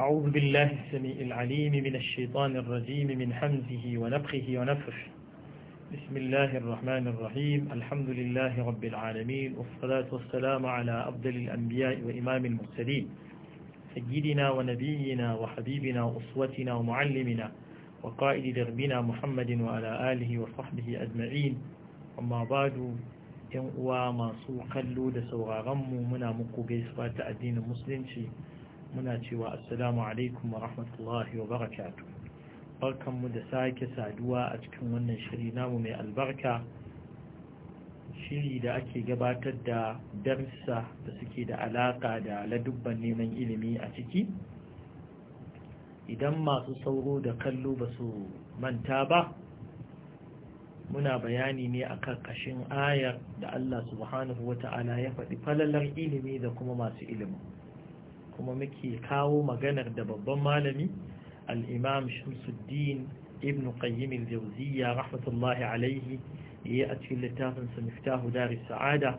أعوذ بالله السميع العليم من الشيطان الرجيم من حمزه ونفخه ونفخه بسم الله الرحمن الرحيم الحمد لله رب العالمين والصلاة والسلام على أفضل الأنبياء وإمام المرسلين سيدنا ونبينا وحبيبنا وأسوتنا ومعلمنا وقائد دربنا محمد وعلى آله وصحبه أجمعين أما بعد ينقوى ما سوق اللود سوغا غم منا مقو جيسوات الدين المسلم muna cewa assalamu alaikum wa rahmatullahi wa barakatu barkanmu da sake saduwa a cikin wannan shiri namu mai albarka shiri da ake gabatar da darsa da suke da alaka da ladubban neman ilimi a ciki idan masu sauro da kallo ba su manta ba muna bayani ne a karkashin ayar da Allah subhanahu wa ta'ala ya faɗi falalar ilimi da kuma masu ilimi. kuma muke kawo maganar da babban malami al'imam shamsuddin ibn qayyim al-jawziyya rahmatullahi alaihi yayi a cikin littafin sa miftahu daris sa'ada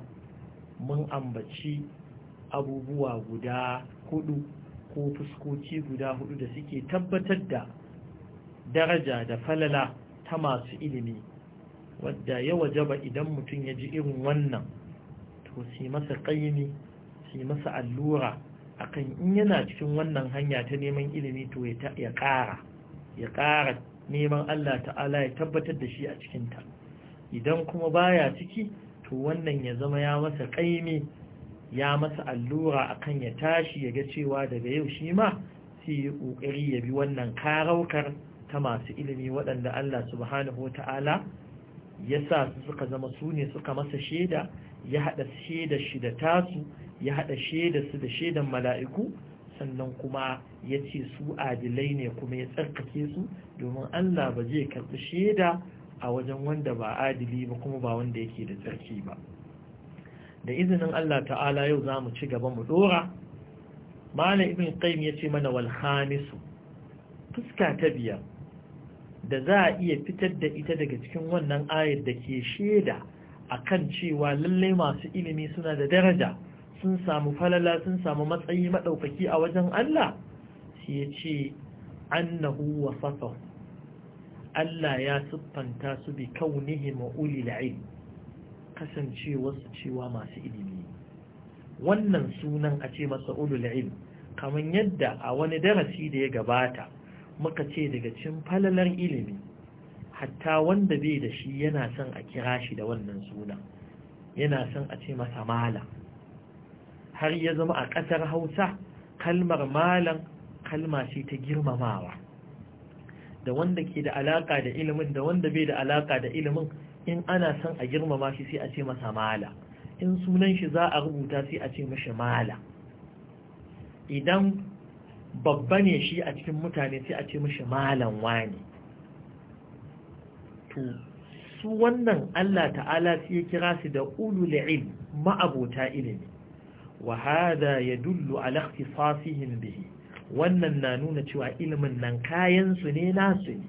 mun ambaci abubuwa guda hudu ko fuskoci guda hudu da suke tabbatar da daraja da falala ta masu ilimi wadda ya wajaba idan mutum ya ji irin wannan to si masa ƙaimi si masa allura akan in yana cikin wannan hanya ta neman ilimi to ya ƙara ya ƙara neman Allah ta'ala ya tabbatar da shi a cikinta idan kuma baya ciki to wannan ya zama ya masa ƙaimi ya masa allura akan ya tashi ya ga cewa daga yau shi ma sai ya ƙoƙari ya bi wannan karaukar ta masu ilimi waɗanda Allah subhanahu wa ta'ala ya sa su suka zama su ne suka masa shaida ya haɗa sheda shi da tasu ya haɗa sheda su da shaidan mala'iku sannan kuma ya ce su adilai ne kuma ya tsarkake su domin Allah ba zai karɓi shaida a wajen wanda ba adili ba kuma ba wanda yake da tsarki ba da izinin Allah ta'ala yau za mu ci gaba mu ɗora. malam ibn qayyim ya ce mana wal fuska ta biyar da za a iya fitar da ita daga cikin wannan ayar da ke shaida akan cewa lallai masu ilimi suna da daraja sun samu falala sun samu matsayi maɗaukaki a wajen Allah Shi ya ce annahu wasafahu Allah ya siffanta su bi kaunihi ma'uli kasancewa su cewa masu ilimi wannan sunan a ce masa ulul ilm kamar yadda a wani darasi da ya gabata muka ce daga cin falalar ilimi hatta wanda bai da shi yana son a kira shi da wannan suna yana son a ce masa malam har ya zama a ƙasar hausa kalmar malam kalma ce ta girmamawa da wanda ke da alaƙa da ilimin da wanda bai da alaƙa da ilimin in ana son a girmama shi sai a ce masa mala in sunan shi za a rubuta sai a ce mashi mala idan babba ne shi a cikin mutane sai a ce mashi malan wani su wannan Allah ta'ala Su ya kira su da ulul ma'abota ilimi wa hada yadullu ala fasihin bihi wannan na nuna cewa ilimin nan kayansu ne nasu ne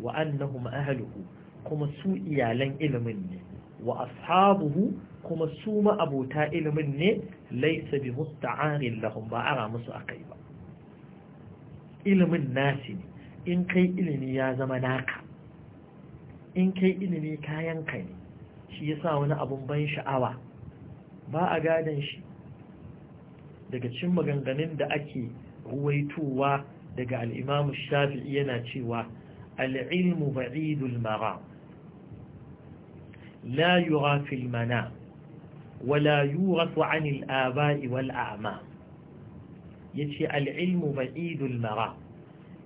wa annahum ahluhu kuma su iyalan ilimin ne wa ashabuhu kuma su ma'abota ilimin ne laisa bi musta'arin lahum ba ara musu akai ba ilimin nasi ne in kai ilimi ya zama naka in kai ilimi kayan kai ne shi yasa wani abun ban sha'awa ba a gadon shi daga cin maganganun da ake ruwaitowa daga al'imamu shafi'i yana cewa al'ilmu ba'idul mara la yura fil wala yura su aba'i wal a'ma ya ce al'ilmu ba'idul mara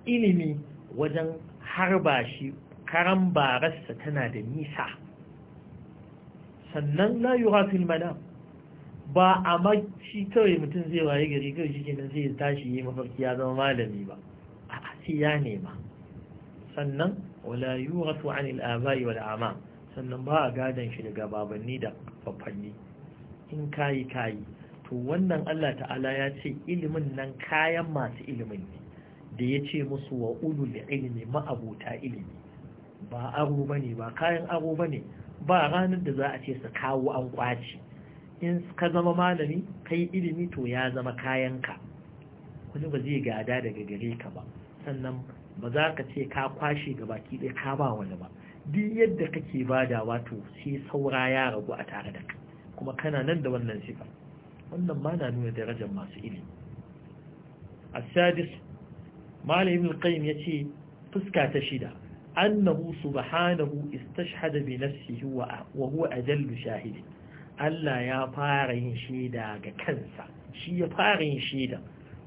ilimi wajen harba shi karan bararsa tana da nisa sannan la yura fil manam ba a maci kawai mutum zai waye gari kawai shi kenan zai tashi yi mafarki ya zama malami ba a sai ya nema sannan wala yurasu anil abai wal amam sannan ba a gadon shi daga babanni da fafanni. in kayi kayi to wannan Allah ta'ala ya ce ilimin nan kayan masu ilimin ne da ya ce musu wa ulul ilimi ma'abuta ilimi ba aro ba ne ba kayan aro ba ne ba ranar da za a ce su kawo an kwaci in ka zama malami kai ilimi to ya zama kayanka wani ba zai gada daga gare ka ba sannan ba za ka ce ka kwashe ga baki ɗaya ka ba wani ba duk yadda kake bada wato sai saura ya ragu a tare da ka kuma kana nan da wannan sifa wannan ma na nuna darajar masu ilimi Malamin مال ya ce fuska ta shida. annahu subhanahu istashhada bi nafsihi wa huwa ajallu shahidi Allah ya fara yin shaida ga kansa shi ya fara yin shaida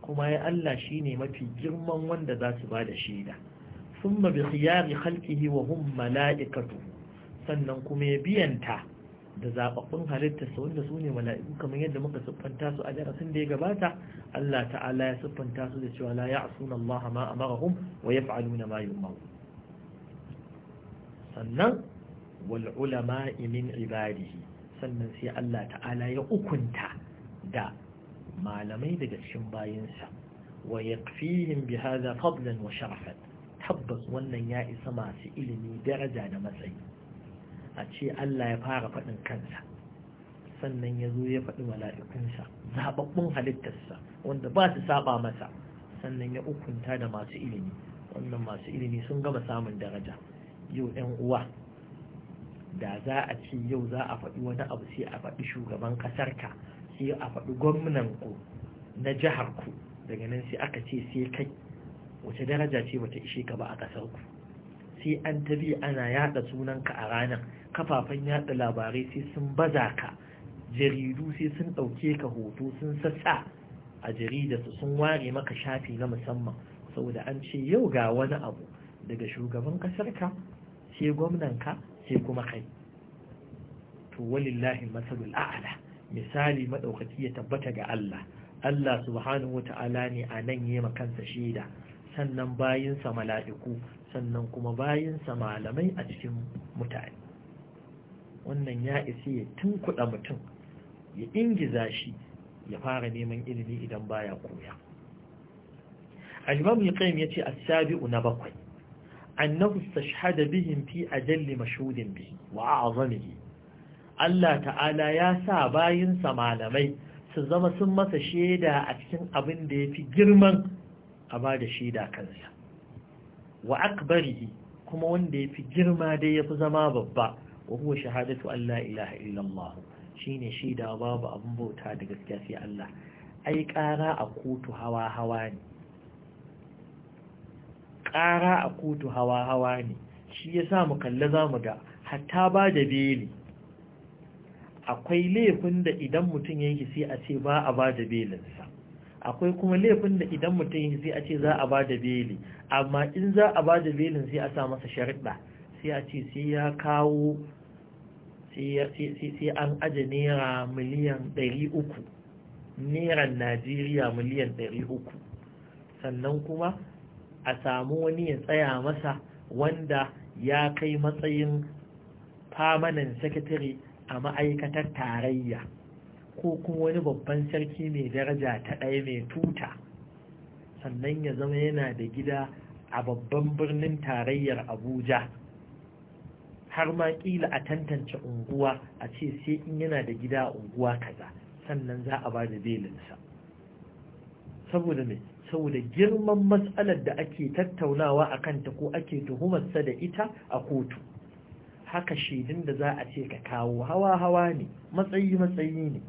kuma ya Allah ne mafi girman wanda zasu su bada shaida thumma bi khiyari khalqihi wa hum mala'ikatuhu sannan kuma ya biyanta da zababbun halittarsa wanda sune ne mala'iku kamar yadda muka siffanta su a darasin da ya gabata Allah ta'ala ya siffanta su da cewa la ya'suna Allah ma amarahum wa yaf'aluna ma yu'marun sannan wal'ulama ulama min ibadihi sannan sai Allah ta'ala ya ukunta da malamai daga cikin bayinsa wa yaqfihim bi hadha fadlan wa sharafan tabbas wannan ya isa masu ilimi daraja da matsayi a ce Allah ya fara faɗin kansa sannan ya zo ya faɗi mala'ikunsa zaɓaɓɓun halittarsa wanda ba su saba masa sannan ya ukunta da masu ilimi wannan masu ilimi sun gama samun daraja yau ɗan uwa da za a ce yau za a faɗi wani abu sai a faɗi shugaban ƙasarka sai a faɗi gwamnan ku na jihar ku daga nan sai aka ce sai kai wace daraja ce bata ishe ka ba a ƙasar ku sai an bi ana sunan ka a ranar kafafen yada labarai sai sun baza ka jaridu sai sun ɗauke ka hoto sun sassa a su sun ware maka shafi na musamman saboda an ce yau ga wani abu daga shugaban ƙasarka sai gwamnanka sai kuma kai to walillahi masalul a'la misali madaukaki ya tabbata ga Allah Allah subhanahu wata'ala ne a nan ma kansa shaida sannan sa mala'iku sannan kuma sa malamai a cikin mutane wannan ya isa ya tunkuɗa mutum ya ingiza shi ya fara neman ilimi idan baya koya al-imam al-qayyim yace as-sabi'u na bakwai annahu istashhada bihim fi ajalli mashhudin bi. wa a'zamihi Allah ta'ala ya sa sa malamai su zama sun masa shaida a cikin abin da yafi girman a ba da shaida kansa wa akbarihi kuma wanda yafi girma dai yafi zama babba wa huwa shahadatu an la ilaha illallah shine shaida babu abin bauta da gaskiya sai Allah ai ƙara a kotu hawa hawa ne ƙara a kotu hawa-hawa ne shi ya sa mukalla za mu ga hatta ba da beli akwai laifin da idan mutum yanki sai a ce ba a ba da belinsa akwai kuma laifin da idan mutum yanki sai a ce za a ba da beli amma in za a ba da belin sai a sa masa sharaɗa sai a ce sai ya kawo sai an aje naira miliyan 300 nairan najeriya miliyan 300 sannan kuma a samu wani ya tsaya masa wanda ya kai matsayin famanan sakatare a ma'aikatar tarayya ko kuma wani babban sarki mai daraja ta ɗaya mai tuta sannan ya zama yana da gida a babban birnin tarayyar abuja har ma ƙila a tantance unguwa a ce sai in yana da gida a unguwa kaza sannan za a ba da belinsa saboda mai saboda girman matsalar da ake tattaunawa a kanta ko ake tuhumarsa da ita a kotu haka shaidun da za a ce ka kawo hawa-hawa ne matsayi-matsayi ne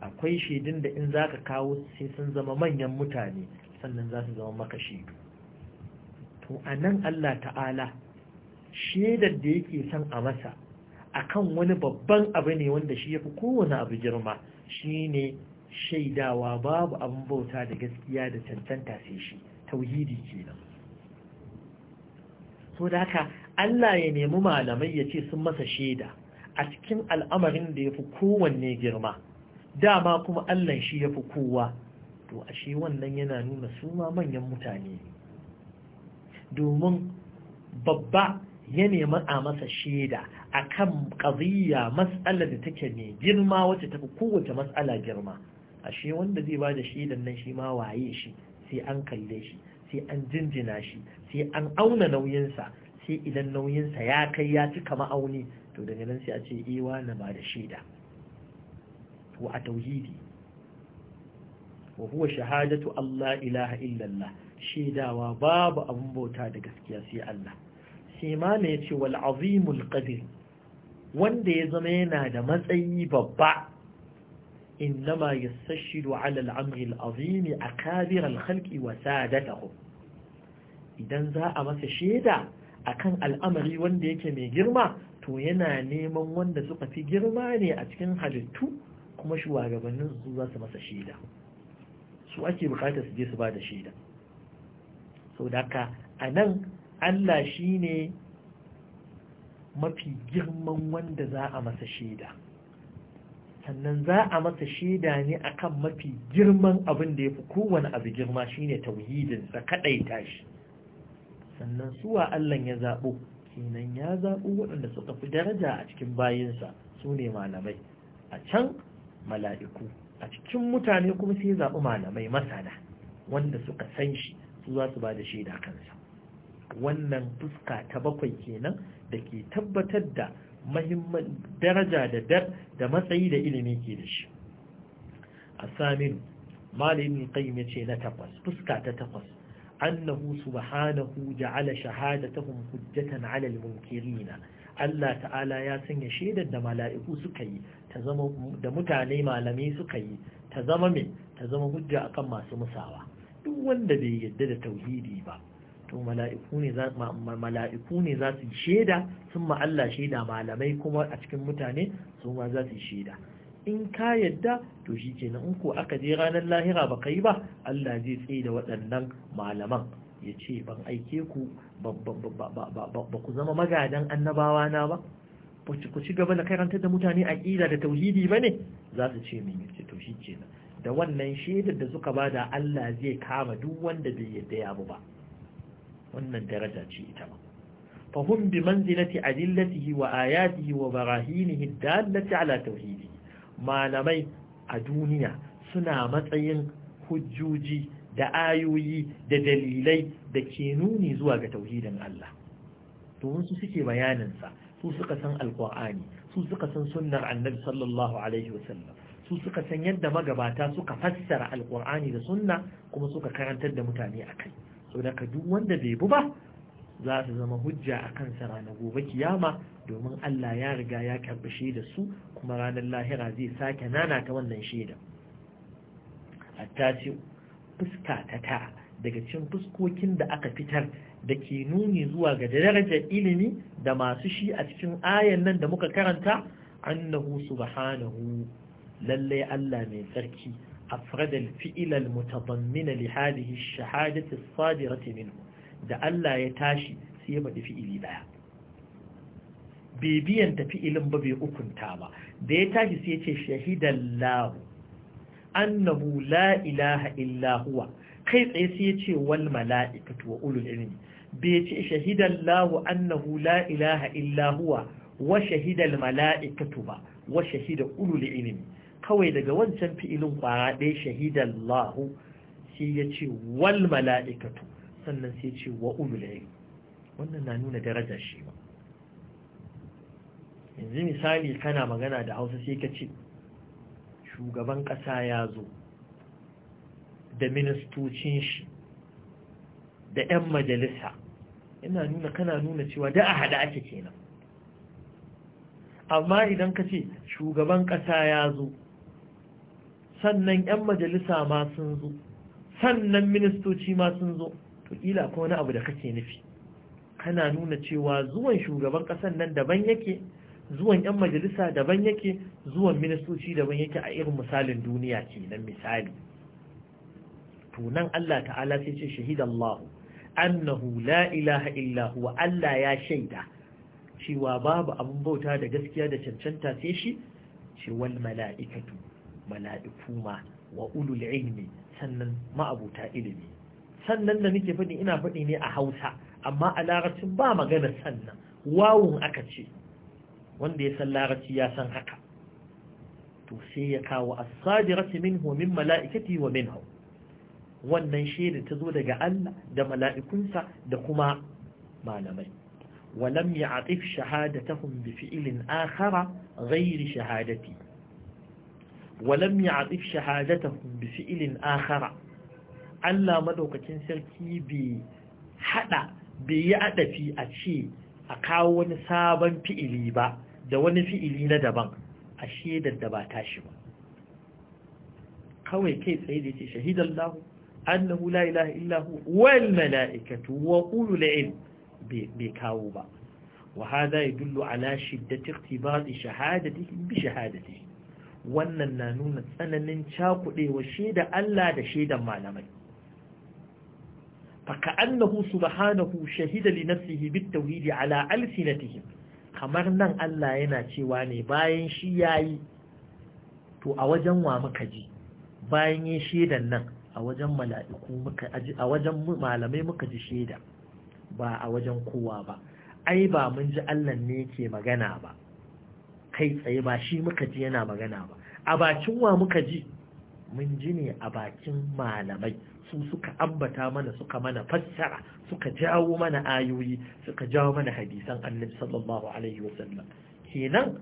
akwai shaidun da in za ka kawo sai sun zama manyan mutane sannan za su zama maka shaidu to a nan Allah ta'ala shaidar da yake son a masa akan wani babban abu ne wanda shi ya fi kowane abu girma shi ne shaidawa babu abin bauta da gaskiya da cancanta sai shi tauhidi kenan so da haka Allah ya nemi malamai ya ce sun masa shaida a cikin al'amarin da ya fi kowanne girma dama kuma Allah shi ya fi kowa to ashe wannan yana nuna su ma manyan mutane domin babba ya nemi a masa shaida a kan ƙaziyya matsalar da take mai girma wacce tafi kowace matsala girma ashe wanda zai ba da shaidan nan shi ma waye shi sai an kalle shi sai an jinjina shi sai an auna nauyinsa sai idan nauyinsa ya kai ya cika ma'auni to daga nan sai a ce eh, wa na ba da shaida wa a tauhidi wa huwa shahadatu Allah ilaha illallah shaidawa babu abun bauta da gaskiya sai Allah sai ma ne ya ce wal azimul qadir wanda ya zama yana da matsayi babba إنما يستشهد على العمر العظيم أكابر الخلق وسادتهم إذن ذا أما شيدا أكان الأمر وانديك من جرما تو ينا نيما واند سوق في جرماني أتكن حدثو كما شو أغبن زوزا سمس شيدا سو أكي bukata سجيس بعد su سو داكا أنا ألا شيني ما في nan allah ذا أما mafi sannan za a masa shaida ne a kan mafi girman abin da ya fi kowane abu girma shine tauhidinsa kaɗai tashi. sannan suwa Allah ya zaɓo kenan ya zaɓo waɗanda suka fi daraja a cikin bayinsa su ne malamai a can mala'iku a cikin mutane kuma sai zaɓi malamai masana wanda suka san shi su za su ba da shaida kansa wannan fuska ta bakwai kenan da ke tabbatar da mahimman daraja da dar da matsayi da ilimi ke da shi a samin malami qayyim yace na takwas fuska ta takwas annahu subhanahu ja'ala shahadatahum hujjatan 'ala al-munkirina Allah ta'ala ya sanya shaidar da mala'iku suka yi ta zama da mutane malamai suka yi ta zama mai ta zama hujja akan masu musawa duk wanda bai yadda da tauhidi ba to mala'iku ne za mala'iku ne su shaida sun ma Allah shaida malamai kuma a cikin mutane su ma za su shaida in ka yadda to shi kenan in ko aka je ranar lahira ba ka yi ba Allah zai tsaye da waɗannan malaman ya ce ban aike ku ba ku zama magadan annabawa na ba ku ci gaba da karanta da mutane a aƙida da tauhidi ba ne za su ce min yace to shi kenan da wannan shaidar da suka bada Allah zai kama duk wanda bai yadda ya ba wannan daraja ce ita ma fahim bi manzilati adillatihi wa ayatihi wa barahinihi dallati ala tauhidi malamai a duniya suna matsayin hujjoji da ayoyi da dalilai da ke nuni zuwa ga tauhidin Allah domin su suke bayaninsa su suka san alkur'ani su suka san sunnar annabi sallallahu alaihi wasallam su suka san yadda magabata suka fassara alkur'ani da sunna kuma suka karantar da mutane a kai so da duk wanda bai bu ba za su zama hujja a kan ranar gobe kiyama domin Allah ya riga ya karɓi shaida su kuma ranar lahira zai sake nana ta wannan shaida A fuska ta ta daga cikin fuskokin da aka fitar da ke nuni zuwa ga darajar ilimi da masu shi a cikin ayan nan da muka karanta annahu subhanahu lallai Allah mai tsarki أفرد الفئل المتضمن لهذه الشهادة الصادرة منه da Allah ya tashi sai ya faɗi fi'ili ɗaya bai biyan ta fi'ilin ba bai ukunta ba da ya tashi sai ya ce shahidan lahu annahu la ilaha illa huwa tsaye sai ya ce wal mala'ikatu wa ulul ilmi bai ce shahidan annahu la ilaha wa shahidal mala'ikatu ba wa shahida ulul ilmi kawai daga wancan fi'ilin ƙwara ɗaya shahida Allah sai ya ce wal mala'ikatu sannan sai ce wa ululayi wannan na nuna daraja shi ba yanzu misali kana magana da hausa sai ka ce shugaban ƙasa ya zo da ministocin shi da 'yan majalisa yana nuna kana nuna cewa da a haɗa ake kenan amma idan ka ce shugaban ƙasa ya zo sannan 'yan majalisa ma sun zo sannan ministoci ma sun zo to ƙila ko wani abu da kake nufi kana nuna cewa zuwan shugaban ƙasar nan daban yake zuwan 'yan majalisa daban yake zuwan ministoci daban yake a irin misalin duniya kenan misali Tunan Allah ta'ala sai ce shahidallahu annahu la ilaha illa huwa Allah ya shaida cewa babu abin bauta da gaskiya da cancanta sai shi ce wal mala'ikatu mala'iku ma wa ulul ilmi sannan ma'abuta ilimi sannan da nake faɗi ina faɗi ne a hausa amma a larabcin ba magana sannan wawun aka ce wanda ya san larabci ya san haka to sai ya kawo as-sadirati minhu min mala'ikati wa minhu wannan shaida ta zo daga Allah da mala'ikunsa da kuma malamai walam ya'tif shahadatahum bi fi'lin akhara ghairi shahadati ولم يعرف شهادتهم بفعل آخر ألا مدوك تنسلكي بحدا بيأد في أشي أكاون سابا في إليبا دون في إلينا دبان أشي دبا تاشم قوي كيف سيدتي شهيد الله أنه لا إله إلا هو والملائكة وقول العلم بكاوبا وهذا يدل على شدة اقتباط شهادته بشهادته wannan na nuna tsananin cakuɗewa shaida Allah da shaidan malamai faka annahu subhanahu shahida li nafsihi bit tauhidi ala alsinatihim kamar nan Allah yana cewa ne bayan shi yayi to a wajen wa muka ji bayan yin shaidan nan a wajen mala'iku muka a wajen malamai muka ji shaida ba a wajen kowa ba ai ba mun ji Allah ne yake magana ba kai tsaye ba shi muka ji yana magana ba a bakin wa muka ji mun ji ne a bakin malamai su suka ambata mana suka mana fassara suka jawo mana ayoyi suka jawo mana hadisan annabi sallallahu alaihi sallam. kenan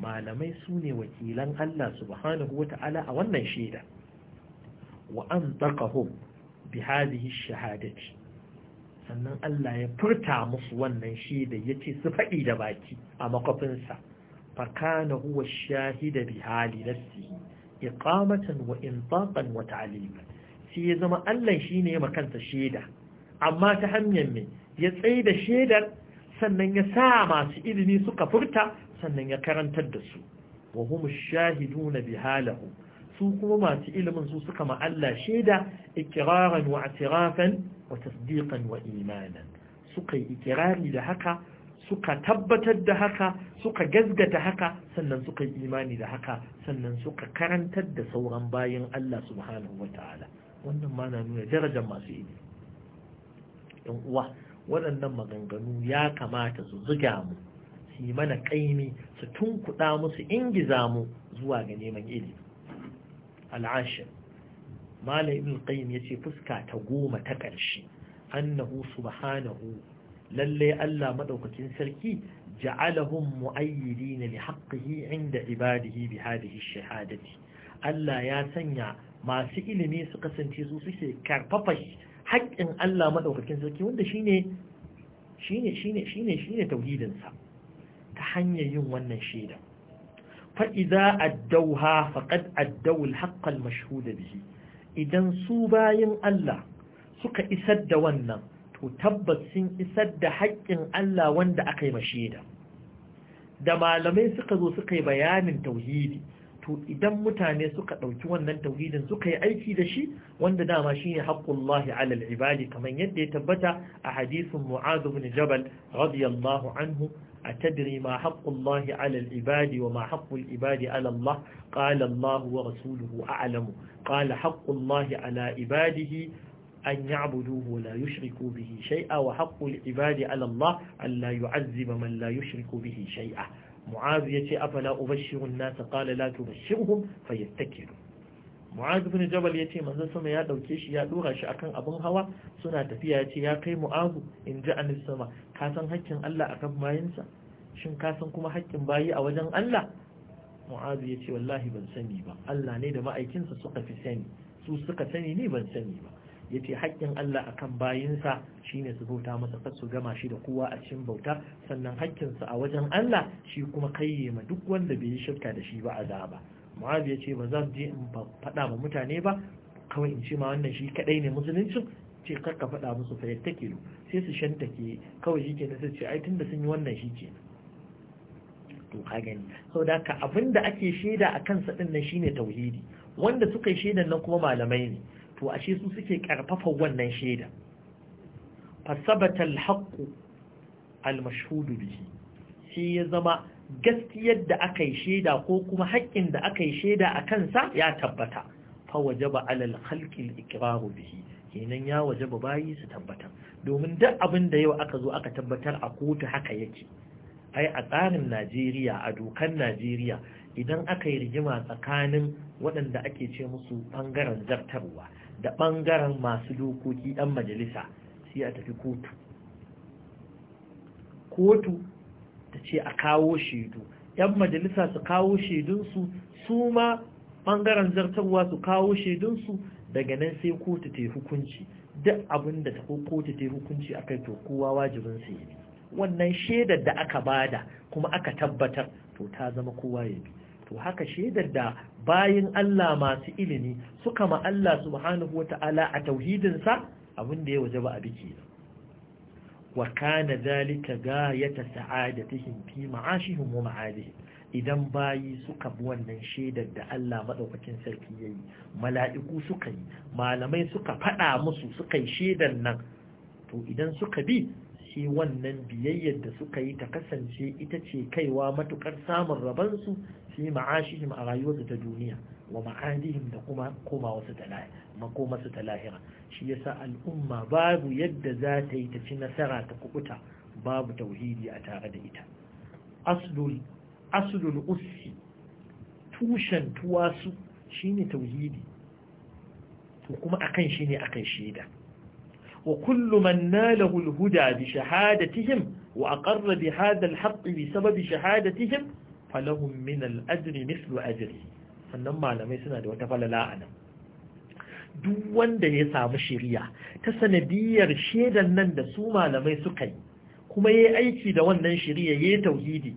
malamai su ne wakilan Allah subhanahu wata'ala a wannan shaida wa an taqahum bi hadhihi shahadati sannan Allah ya furta musu wannan shaida yace su faɗi da baki a makofinsa فكان هو الشاهد بحال نفسه إقامة وإنطاقا وتعليما سيزم ألا شيني مكانت الشيدة أما تهمين ya يتعيد الشيدة sannan ya sa masu ilimi suka furta sannan ya karantar da su wa humu shahiduna bihalahu su kuma masu ilimin su suka ma Allah shaida ikraran wa wa tasdiqan suka yi ikirari da haka suka tabbatar da haka suka gazgata haka sannan suka yi imani da haka sannan suka karantar da sauran bayan Allah subhanahu wa ta'ala wannan ma na nuna darajar masu ilimi ɗan uwa waɗannan maganganu ya kamata su zuga mu su yi mana ƙaimi su tunkuɗa mu su ingiza mu zuwa ga neman ilimi al'ashir malam ibn qayyim yace fuska ta goma ta ƙarshe annahu subhanahu lalle Allah madaukakin sarki ja'alahum mu'ayyidin li haqqihi inda ibadihi bi hadhihi shahadati Allah ya sanya masu ilimi su kasance su suke karfafa haƙƙin Allah madaukakin sarki wanda shine shine shine shine shine tauhidin sa ta hanyar yin wannan shaida fa idza addawha faqad addaw al-haqq al-mashhud bihi idan su bayin Allah suka isar da wannan to tabbas sun isar da haƙƙin Allah wanda aka yi mashida da malamai suka zo suka yi bayanin tauhidi to idan mutane suka ɗauki wannan tauhidin suka yi aiki da shi wanda dama shi ne haƙƙullahi alal ibadi kamar yadda ya tabbata a hadisin mu'azu bin jabal radiyallahu anhu a tadiri ma haƙƙullahi alal ibadi wa ma haƙƙul ibadi ala Allah qala Allah wa rasuluhu a'lamu qala haƙƙullahi ala ibadihi an yi ya'budu la yushriku bihi shai'a wa haqqul ibadi ala Allah an la yu'azziba man la yushriku bihi shay'a mu'az yace afala ubashshiru an-nas qala la tubashshirhum fayattakilu mu'az ibn ya ce manzo sama ya dauke shi ya dora shi akan abin hawa suna tafiya yace ya kai mu'az in ji anis sama ka san haƙƙin Allah akan bayinsa shin ka san kuma haƙƙin bayi a wajen Allah mu'az yace wallahi ban sani ba Allah ne da ma'aikinsa suka fi sani su suka sani ni ban sani ba ya ce haƙƙin Allah akan kan bayinsa shi su bauta masa kar su gama shi da kowa a cikin bauta sannan haƙƙinsa a wajen Allah shi kuma ma duk wanda bai yi shirka da shi ba azaba mu'az ya ce ba zan je in faɗa ma mutane ba kawai in ce ma wannan shi kaɗai ne musuluncin ce kar ka faɗa musu fa ta ke sai su ke. kawai shi kenan sai ce ai tunda sun yi wannan shi ke. to ka gani saboda ka abinda ake shaida a kansa saɗin nan shine tauhidi wanda suka yi shaidan nan kuma malamai ne to ashe su suke karfafa wannan shaida fasabata alhaqqu almashhudu bihi shi ya zama gaskiyar da aka yi shaida ko kuma haƙƙin da aka yi shaida a kansa ya tabbata fa wajaba alal khalqi aliqraru bihi kenan ya wajaba bayi su tabbata domin duk abin da yau aka zo aka tabbatar a kotu haka yake ai a tsarin Najeriya a dokan Najeriya idan aka yi rigima tsakanin waɗanda ake ce musu ɓangaren zartarwa da ɓangaren masu dokoki ɗan majalisa sai a tafi kotu kotu ta ce a kawo shaidu ‘yan majalisa su kawo shaidunsu su ma ɓangaren zartarwa su kawo shaidunsu daga nan sai kotu ta yi hukunci duk abin da ta kotu ta yi hukunci akai kai to kowa wajibin sai wannan shaidar da aka bada kuma aka tabbatar to ta zama kowa ya bi to haka shaidar da bayin Allah masu ilimi suka ma Allah subhanahu wata'ala a tauhidinsa abin da ya waje ba a biki wa kana zalika gayata sa'adatihim fi ma'ashihim wa ma'adihim idan bayi suka bi wannan shaidar da Allah madaukakin sarki yayi mala'iku suka yi malamai suka faɗa musu suka yi shaidar nan to idan suka bi sai wannan biyayyar da suka yi ta kasance ita ce kaiwa matukar samun rabansu في معاشهم أغايوة تدونية ومعادهم دقوما قوما وستلاهرة مقوما ستلاهرة شيء سأل أمة باب يد ذاتي تفين سرعة قوتا باب توحيدي أتارد إتا أصل أصل الأس توشن تواسو شيني توحيدي وكما أقين شيني أقين شيدا وكل من ناله الهدى بشهادتهم وأقر بهذا الحق بسبب شهادتهم falahum min al-ajri ajiri. ajri sannan malamai suna da wata falala a nan duk wanda ya samu shiriya ta sanadiyar shedan nan da su malamai suka yi kuma ya aiki da wannan shiriya ya yi tauhidi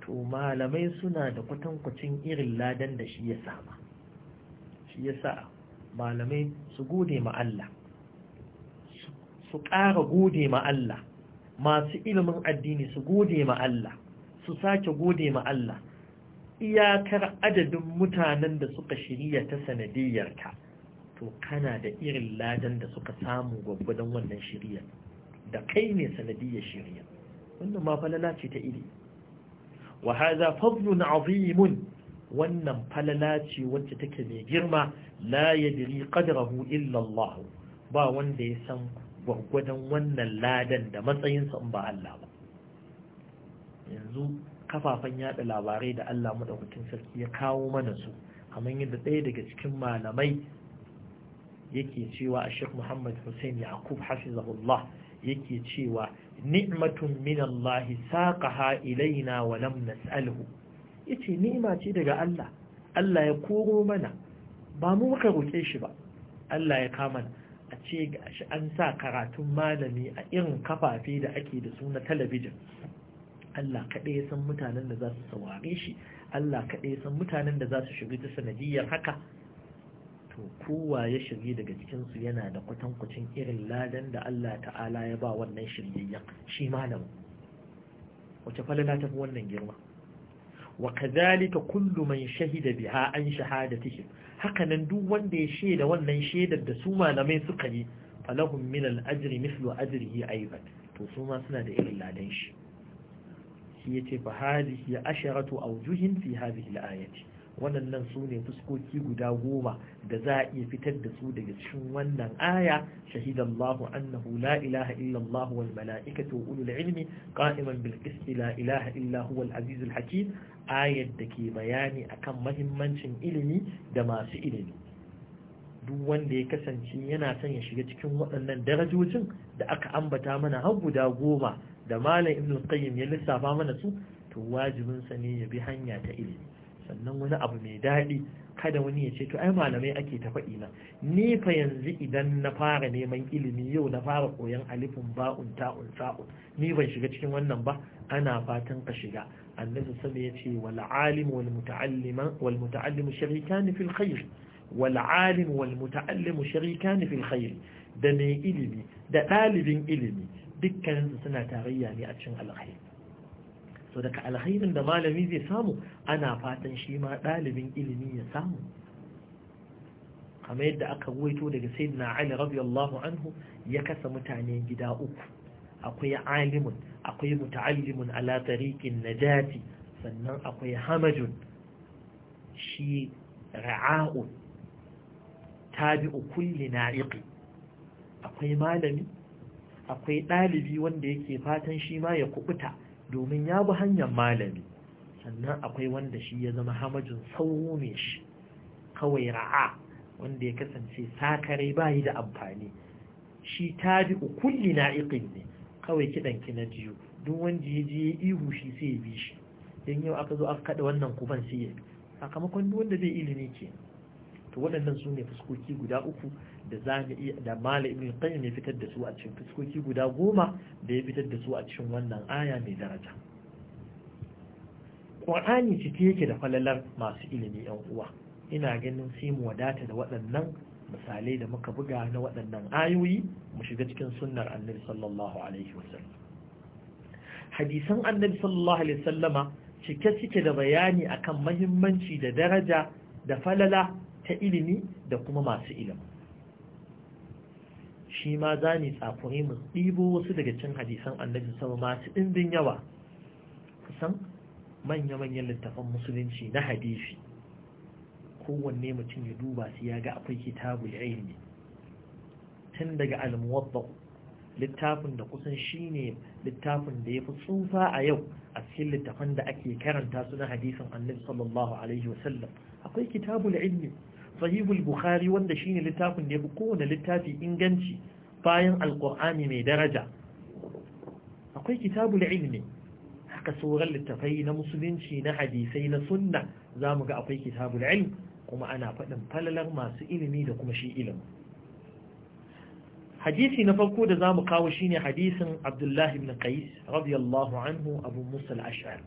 to malamai suna da kwatankwacin irin ladan da shi ya sama shi ya sa malamai su gode ma Allah su ƙara gode ma Allah masu ilimin addini su gode ma Allah su sake gode ma Allah iyakar adadin mutanen da suka shirya ta sanadiyyarka to kana da irin ladan da suka samu gwaggwadon wannan shirya da kai ne sanadiyyar shirya wannan ma falala ce ta iri wa hadha fadlun azimun wannan falala ce wacce take mai girma la yadri qadrahu illa Allah ba wanda ya san gwaggwadon wannan ladan da matsayinsa in ba Allah ba yanzu kafafen yada labarai da Allah madaukakin sarki ya kawo mana su kamar yadda ɗaya daga cikin malamai yake cewa a Sheikh Muhammad Hussein Yaqub hafizahullah yake cewa ni'matun min Allah saqaha ilaina wa lam nas'alhu yace ni'ima ce daga Allah Allah ya koro mana ba mu muka roke shi ba Allah ya kama a ce gashi an sa karatun malami a irin kafafe da ake da su na talabijin Allah kaɗai ya san mutanen da za su saurare shi Allah kaɗai ya san mutanen da za su shirya ta sanadiyar haka to kowa ya shirye daga cikinsu yana da kwatankwacin irin ladan da Allah ta'ala ya ba wannan shiryayyen shi malamin wace falala ta fi wannan girma wa kazalika kullu man shahida biha an shahadatihi hakanan duk wanda ya shaida wannan shaidar da su malamai suka yi falahum min al-ajri mithlu ajrihi aidan to su ma suna da irin ladan shi ya ce fa ya asharatu awjuhin fi hadhihi al Wannan nan su ne fuskoki guda goma da za a iya fitar da su daga cikin wannan aya shahidallahu annahu la ilaha illallah wal mala'ikatu ulul ilmi qa'iman bil qisti la ilaha illa wal hakim ayat da ke bayani akan mahimmancin ilimi da masu ilimi duk wanda ya kasance yana son ya shiga cikin waɗannan darajojin da aka ambata mana har guda goma da malam ibn qayyim ya lissafa mana su to wajibin sa ne ya bi hanya ta ilimi sannan wani abu mai daɗi kada wani ya ce to ai malamai ake ta faɗi na ni fa yanzu idan na fara neman ilimi yau na fara koyan alifin ba'un ta'un sa'un ni ban shiga cikin wannan ba ana fatan ka shiga annabi sama ya ce wal alim wal muta'allima wal muta'allimu sharikan fil khair wal alim wal muta'allimu sharikan fil khair da mai ilimi da ɗalibin ilimi dukkaninsu suna tarayya ne a cikin alkhairi so daga alkhairin da malami zai samu ana fatan shi ma ɗalibin ilimi ya samu kamar yadda aka ruwaito daga sayyidina ali radiyallahu anhu ya kasa mutane gida uku akwai alimun akwai muta'allimun ala tariqin najati sannan akwai hamajun shi ra'a'un tabi'u kulli na'iqi akwai malami akwai ɗalibi wanda yake fatan shi ma ya kubuta domin ya bi hanyar malami sannan akwai wanda shi ya zama hamajin sauro ne shi kawai ra'a wanda ya kasance sakare bayi da amfani shi ta tabi'u kulli ikin ne kawai kidan ki na jiyo duk wanda ya je ihu shi sai ya bi shi Don yau aka zo aka kaɗa wannan kuban sai ya sakamakon duk wanda bai ilimi ke to waɗannan su ne fuskoki guda uku da iya da mala ibn qayyim ya fitar da su a cikin fuskoki guda goma da ya fitar da su a cikin wannan aya mai daraja Qur'ani cike yake da falalar masu ilimi yan uwa ina ganin sai mu wadata da waɗannan misalai da muka buga na waɗannan ayoyi mu shiga cikin sunnar annabi sallallahu alaihi wasallam hadisan annabi sallallahu alaihi wasallama cike cike da bayani akan mahimmanci da daraja da falala ta ilimi da kuma masu ilimi shi ma za ne tsafuri mu ɗibo wasu daga cin hadisan annabi sama masu ɗimbin yawa kusan manya-manyan littafan musulunci na hadisi kowanne mutum ya duba su ya ga akwai kitabul ilmi tun daga al-muwatta littafin da kusan shine littafin da ya fi tsufa a yau a cikin littafan da ake karanta su na hadisin annabi sallallahu alaihi wasallam akwai kitabul ilmi sahihul bukhari wanda shine littafin da yafi kowane littafi inganci bayan alqur'ani mai daraja akwai kitabul ilmi haka sauran littafai na musulunci na hadisai na sunna zamu ga akwai kitabul ilmi kuma ana faɗin falalar masu ilimi da kuma shi ilimi hadisi na farko da zamu kawo shine hadisin Abdullahi ibn Qais radiyallahu anhu Abu musal ashari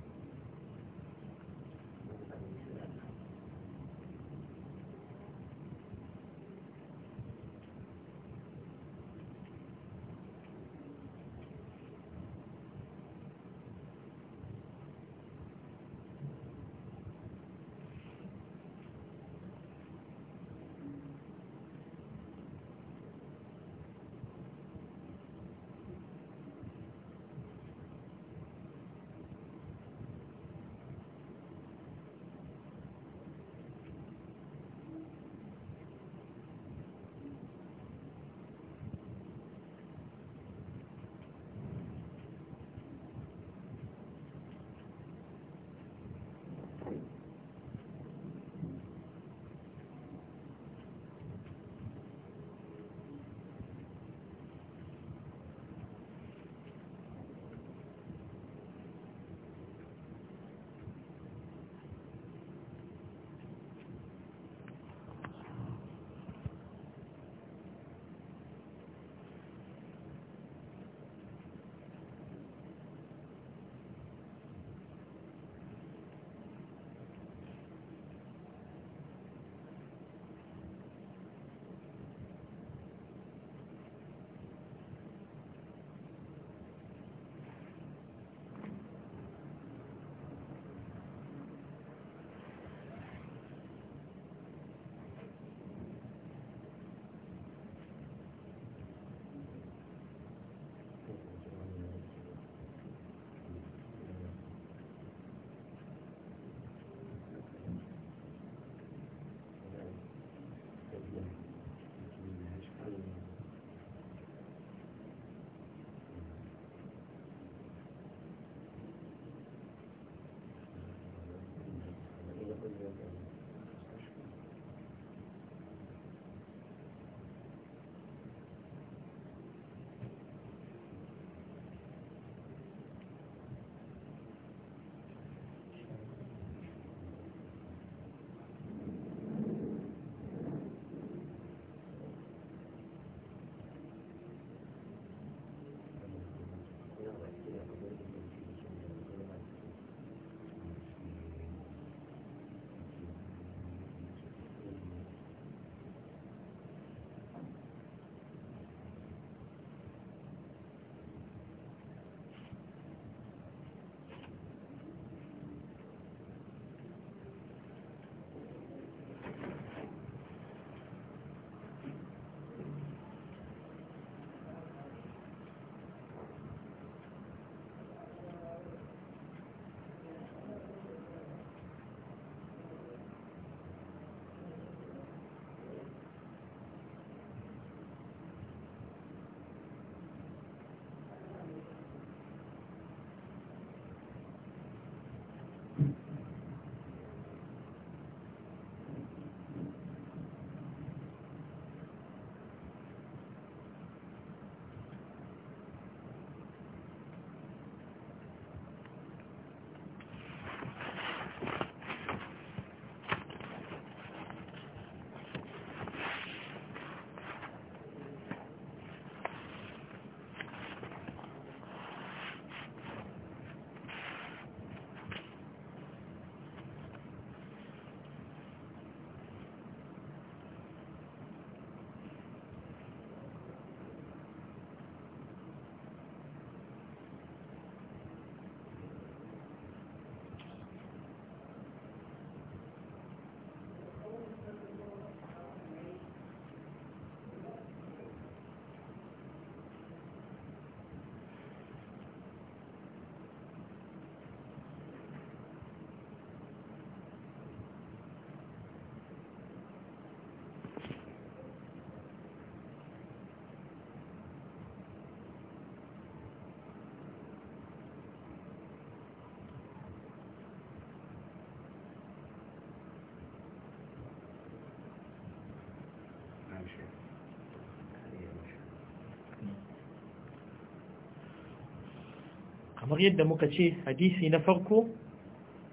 kamar yadda muka ce hadisi na farko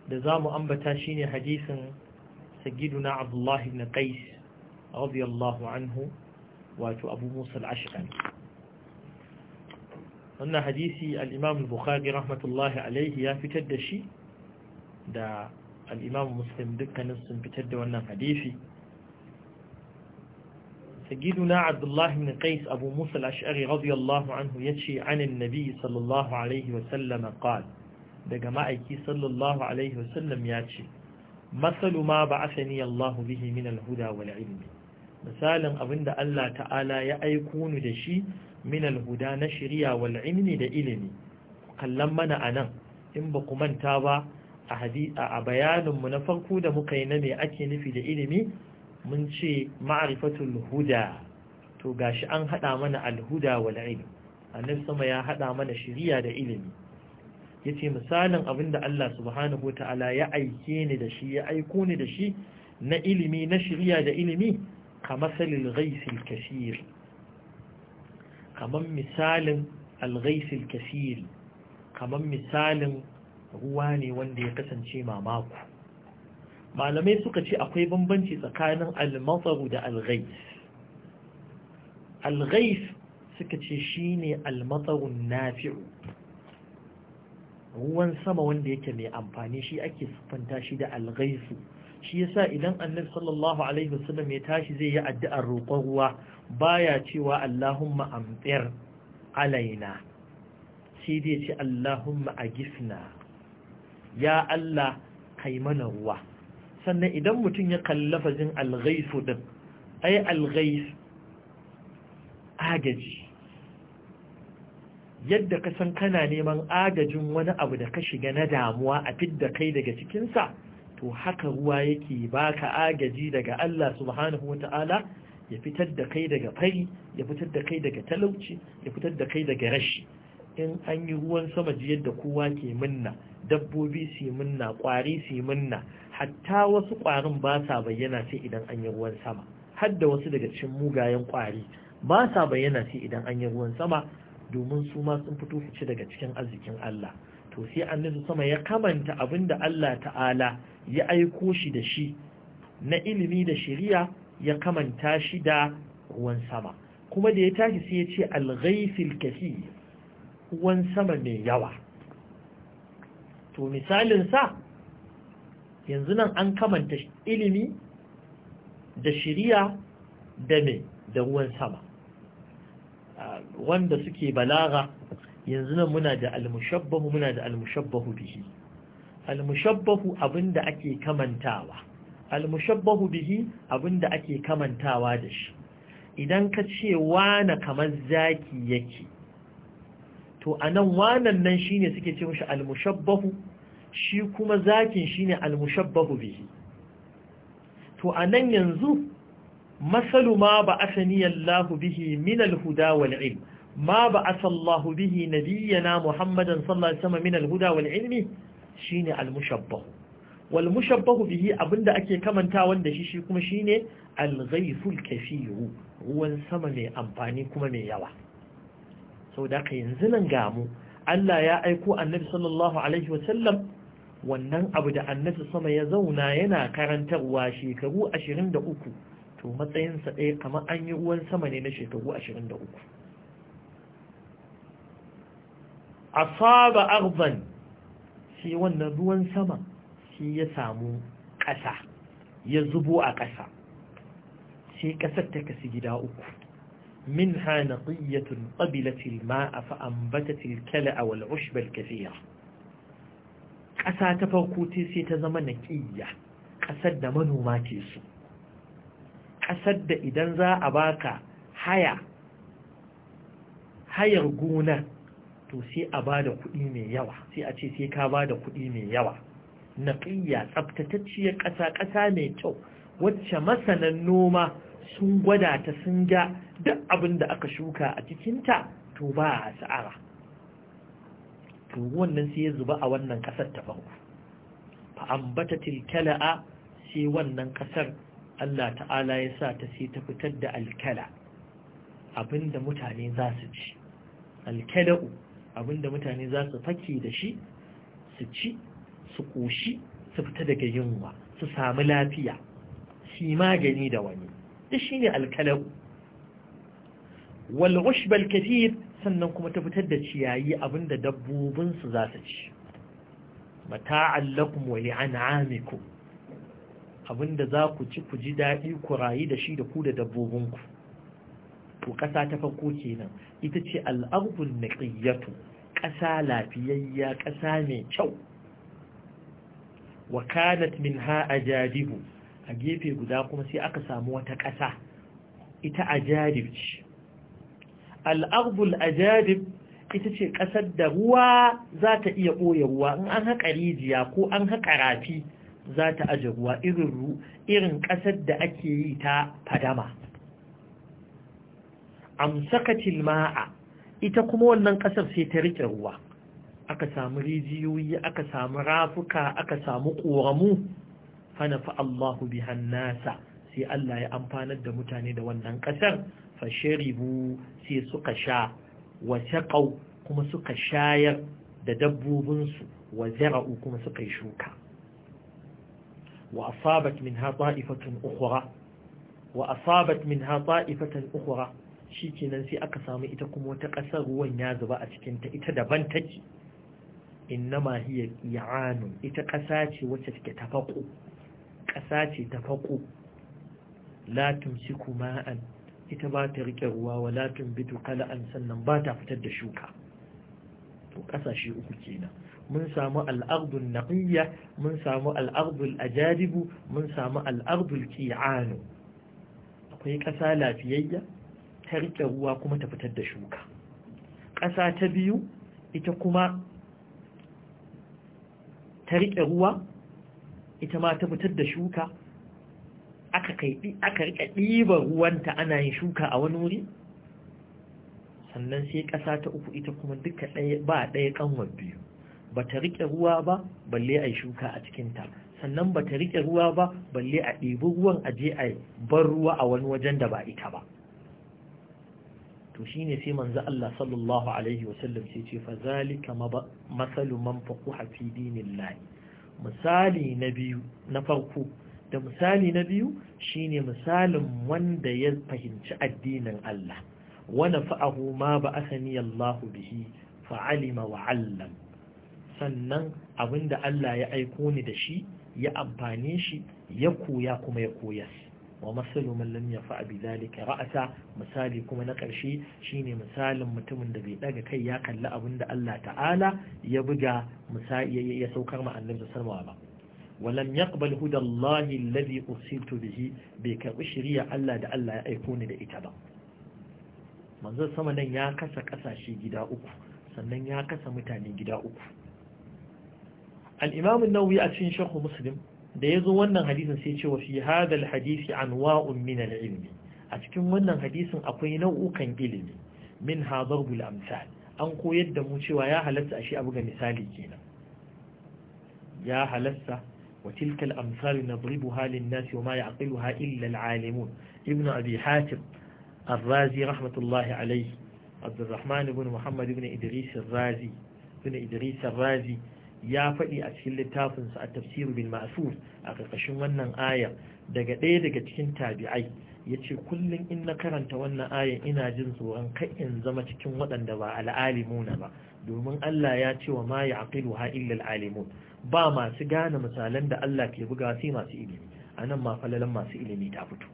da za mu ambata shi ne hadisin sagiduna abdullahi na qais radiyallahu anhu wato abu musul ashirin wannan hadisi al'imam bukhari rahmatullahi alaihi ya fitar da shi da al'imam muslim dukkanin sun fitar da wannan hadisi Sayyiduna Abdullah ibn Qais Abu Musa al-Ash'ari radiyallahu anhu yace an annabi sallallahu alayhi wa sallam qala daga ma'aiki sallallahu alayhi wa sallam yace masalu ma ba'athani yallahu bihi min al-huda wal misalin misalan abinda Allah ta'ala ya aiko ni da shi min al na shiriya wal da ilimi kallan mana anan in ba ku manta ba a hadisi a bayanin mu na farko da muka yi na me ake nufi da ilimi mun ce ma'arifatul huda to gashi an hada mana alhuda wal ilm annabi sama ya hada mana shari'a da ilimi yace misalin abinda Allah subhanahu wataala ya aike ni da shi ya aiko ni da shi na ilimi na shari'a da ilimi kamasalil ghaisil Kasir. kaman misalin alghaisil kaseer kaman misalin ruwa ne wanda ya kasance mamako malamai suka ce akwai bambanci tsakanin almatsaru da alghais alghais suka ce shine almatsarun nafi'u ruwan sama wanda yake mai amfani shi ake siffanta shi da alghaisu shi yasa idan annabi sallallahu alaihi wasallam ya tashi zai yi addu'ar roƙon ruwa baya cewa Allahumma amtir alaina sai dai ce Allahumma agifna ya Allah kai mana ruwa sannan idan mutum ya kalli lafazin alghaisu din ai alghais agaji yadda ka san kana neman agajin wani abu da ka shiga na damuwa a fidda kai daga cikinsa to haka ruwa yake baka agaji daga Allah subhanahu wata'ala ya fitar da kai daga fari ya fitar da kai daga talauci ya fitar da kai daga rashi in an yi ruwan sama jiyar da kowa ke minna dabbobi su minna kwari su minna hatta wasu ƙwarin ba sa bayyana sai idan an yi ruwan sama har wasu daga cikin mugayen ƙwari ba sa bayyana sai idan an yi ruwan sama domin su ma sun fito fice daga cikin arzikin Allah to sai annabi sama ya kamanta abin da Allah ta'ala ya aiko shi da shi na ilimi da shari'a ya kamanta shi da ruwan sama kuma da ya tashi sai ya ce al-ghaythil kafi ruwan sama mai yawa to misalin sa yanzu nan an kamanta ilimi da shiriya da mai da ruwan sama wanda suke balaga yanzu nan muna da almushabbahu muna da almushabbahu bihi almushabbahu abinda ake kamantawa almushabbahu bihi abinda ake kamantawa da shi idan ka ce wane kamar zaki yake to anan wanan nan shine suke ce mishi almushabbahu shi kuma zakin shine al-mushabbahu bihi to anan yanzu masalu ma ba asani bihi min al-huda wal ilm ma ba asallahu bihi nabiyyana Muhammadan sallallahu alaihi wasallam min al-huda wal ilmi shine al-mushabbahu wal mushabbahu bihi abinda ake kamanta wanda shi shi kuma shine al-ghaythul kafiru ruwan sama mai amfani kuma mai yawa saboda ka yanzu nan gamu Allah ya aiko annabi sallallahu alaihi wasallam wannan abu da annabi sama ya zauna yana karantarwa shekaru 23 to matsayinsa ɗaya kamar an yi ruwan sama ne na shekaru 23 asaba arban shi wannan ruwan sama shi ya samu ƙasa ya zubo a ƙasa sai ƙasar ta kasi gida uku Min naqiyatun qabilat al-ma'a a anbatat al-kala'a wal 'ushba al ƙasa ta farko ce sai ta zama naƙiyya ƙasar da manoma ke su ƙasar da idan za a baka haya hayar gona to sai a ba da kuɗi mai yawa sai a ce sai ka ba da kuɗi mai yawa naƙiyya tsabtatacciyar ƙasa ƙasa mai kyau wacce masanan noma sun gwada ta sun ga duk abin da aka shuka a cikinta to ba a sa'ara to nan sai ya zuba a wannan kasar ta farko fa ambata tilkala'a sai wannan kasar Allah ta'ala ya sa ta sai ta fitar da alkala abinda mutane za su ci alkala'u abinda mutane za su fake da shi su ci su ƙoshi, su fita daga yunwa su samu lafiya su yi magani da wani da shi ne alkalau walwashbal kathir sannan kuma ta fitar da ciyayi abinda dabbobinsu za su ci mata'an lakum wa li'an'amikum abinda za ku ci ku ji daɗi ku rayu da shi da ku da dabbobin ku to ƙasa ta farko kenan ita ce na naqiyatu ƙasa lafiyayya ƙasa mai kyau wa kanat minha ajadibu a gefe guda kuma sai aka samu wata ƙasa ita a ce al'agbul ajadib ita ce ƙasar da ruwa za ta iya ɓoye ruwa in an haƙa rijiya ko an haƙa rafi za ta aje ruwa irin ƙasar da ake yi ta fadama amsakatil ma'a ita kuma wannan ƙasar sai ta riƙe ruwa aka samu rijiyoyi aka samu rafuka aka samu ƙoramu hana fa Allahu bi hannasa sai Allah ya amfanar da mutane da wannan ƙasar fasharibu sai suka sha wa saqaw kuma suka shayar da dabbobinsu wa zara'u kuma suka yi shuka wa asabat minha ta'ifatun ukhra wa asabat minha ta'ifatan ukhra shikenan sai aka samu ita kuma wata ƙasar ruwan ya zuba a cikin ta ita daban take innama hiya i'anun ita ƙasa ce wacce take tafaqu Ƙasa ce tafaqu la tumsiku ma'an ita ba ta riƙe ruwa wala tumbitu kala'an sannan ba ta fitar da shuka to ƙasashe uku kenan mun samu al'ardun naqiyya mun samu al'ardul ajadibu mun samu al'ardul qi'anu akwai ƙasa lafiyayya ta riƙe ruwa kuma ta fitar da shuka ƙasa ta biyu ita kuma ta riƙe ruwa ita ma ta fitar da shuka aka kaifi aka rike ɗiba ruwanta ana yin shuka a wani wuri sannan sai ƙasa ta uku ita kuma duka ba ɗaya ƙanwar biyu ba ta rike ruwa ba balle a shuka a cikinta sannan ba ta rike ruwa ba balle a ɗibi ruwan a je a bar ruwa a wani wajen da ba ita ba to shine sai manzo Allah sallallahu alaihi sallam sai ce fa zalika masalu man faquha fi dinillahi misali na biyu na farko da misali na biyu shine misalin wanda ya fahimci addinin Allah wani fa'ahu ma ba asani Allahu bihi fa'alima wa allam sannan abinda Allah ya aiko ni da shi ya amfane shi ya koya kuma ya koyas wa masalu man lam fa’a bi zalika ra'asa misali kuma na ƙarshe shine misalin mutumin da bai ɗaga kai ya kalli abinda Allah ta'ala ya buga misali ya saukar ma'annin annabi sallallahu ba ولم يقبل bai الله الذي Allah da Allah ya aiko ni da ita ba. manzon sama nan ya kasa kasashe gida uku sannan ya kasa mutane gida uku al-imam an-nawawi a cikin sharh muslim da yazo wannan hadisin sai ce wa fi hadha al-hadisi anwa'un min al-ilm a cikin wannan hadisin akwai nau'ukan ilimi min hadarbul amsal an koyar da mu cewa ya halatta a shi abu ga misali kenan ya halatta وتلك الأمثال نضربها للناس وما يعقلها إلا العالمون ابن أبي حاتم الرازي رحمة الله عليه عبد الرحمن بن محمد بن إدريس الرازي بن إدريس الرازي ya faɗi a cikin littafinsa a tafsiru bin ma'asur a wannan ayar daga ɗaya daga cikin tabi'ai ya ce kullum in na karanta wannan ayar ina jin tsoron kai in zama cikin waɗanda ba al'alimuna ba domin Allah ya ce wa ma ya aqilu ha illa al'alimun ba masu gane misalan da Allah ke buga sai masu ilimi a nan ma falalan masu ilimi ta fito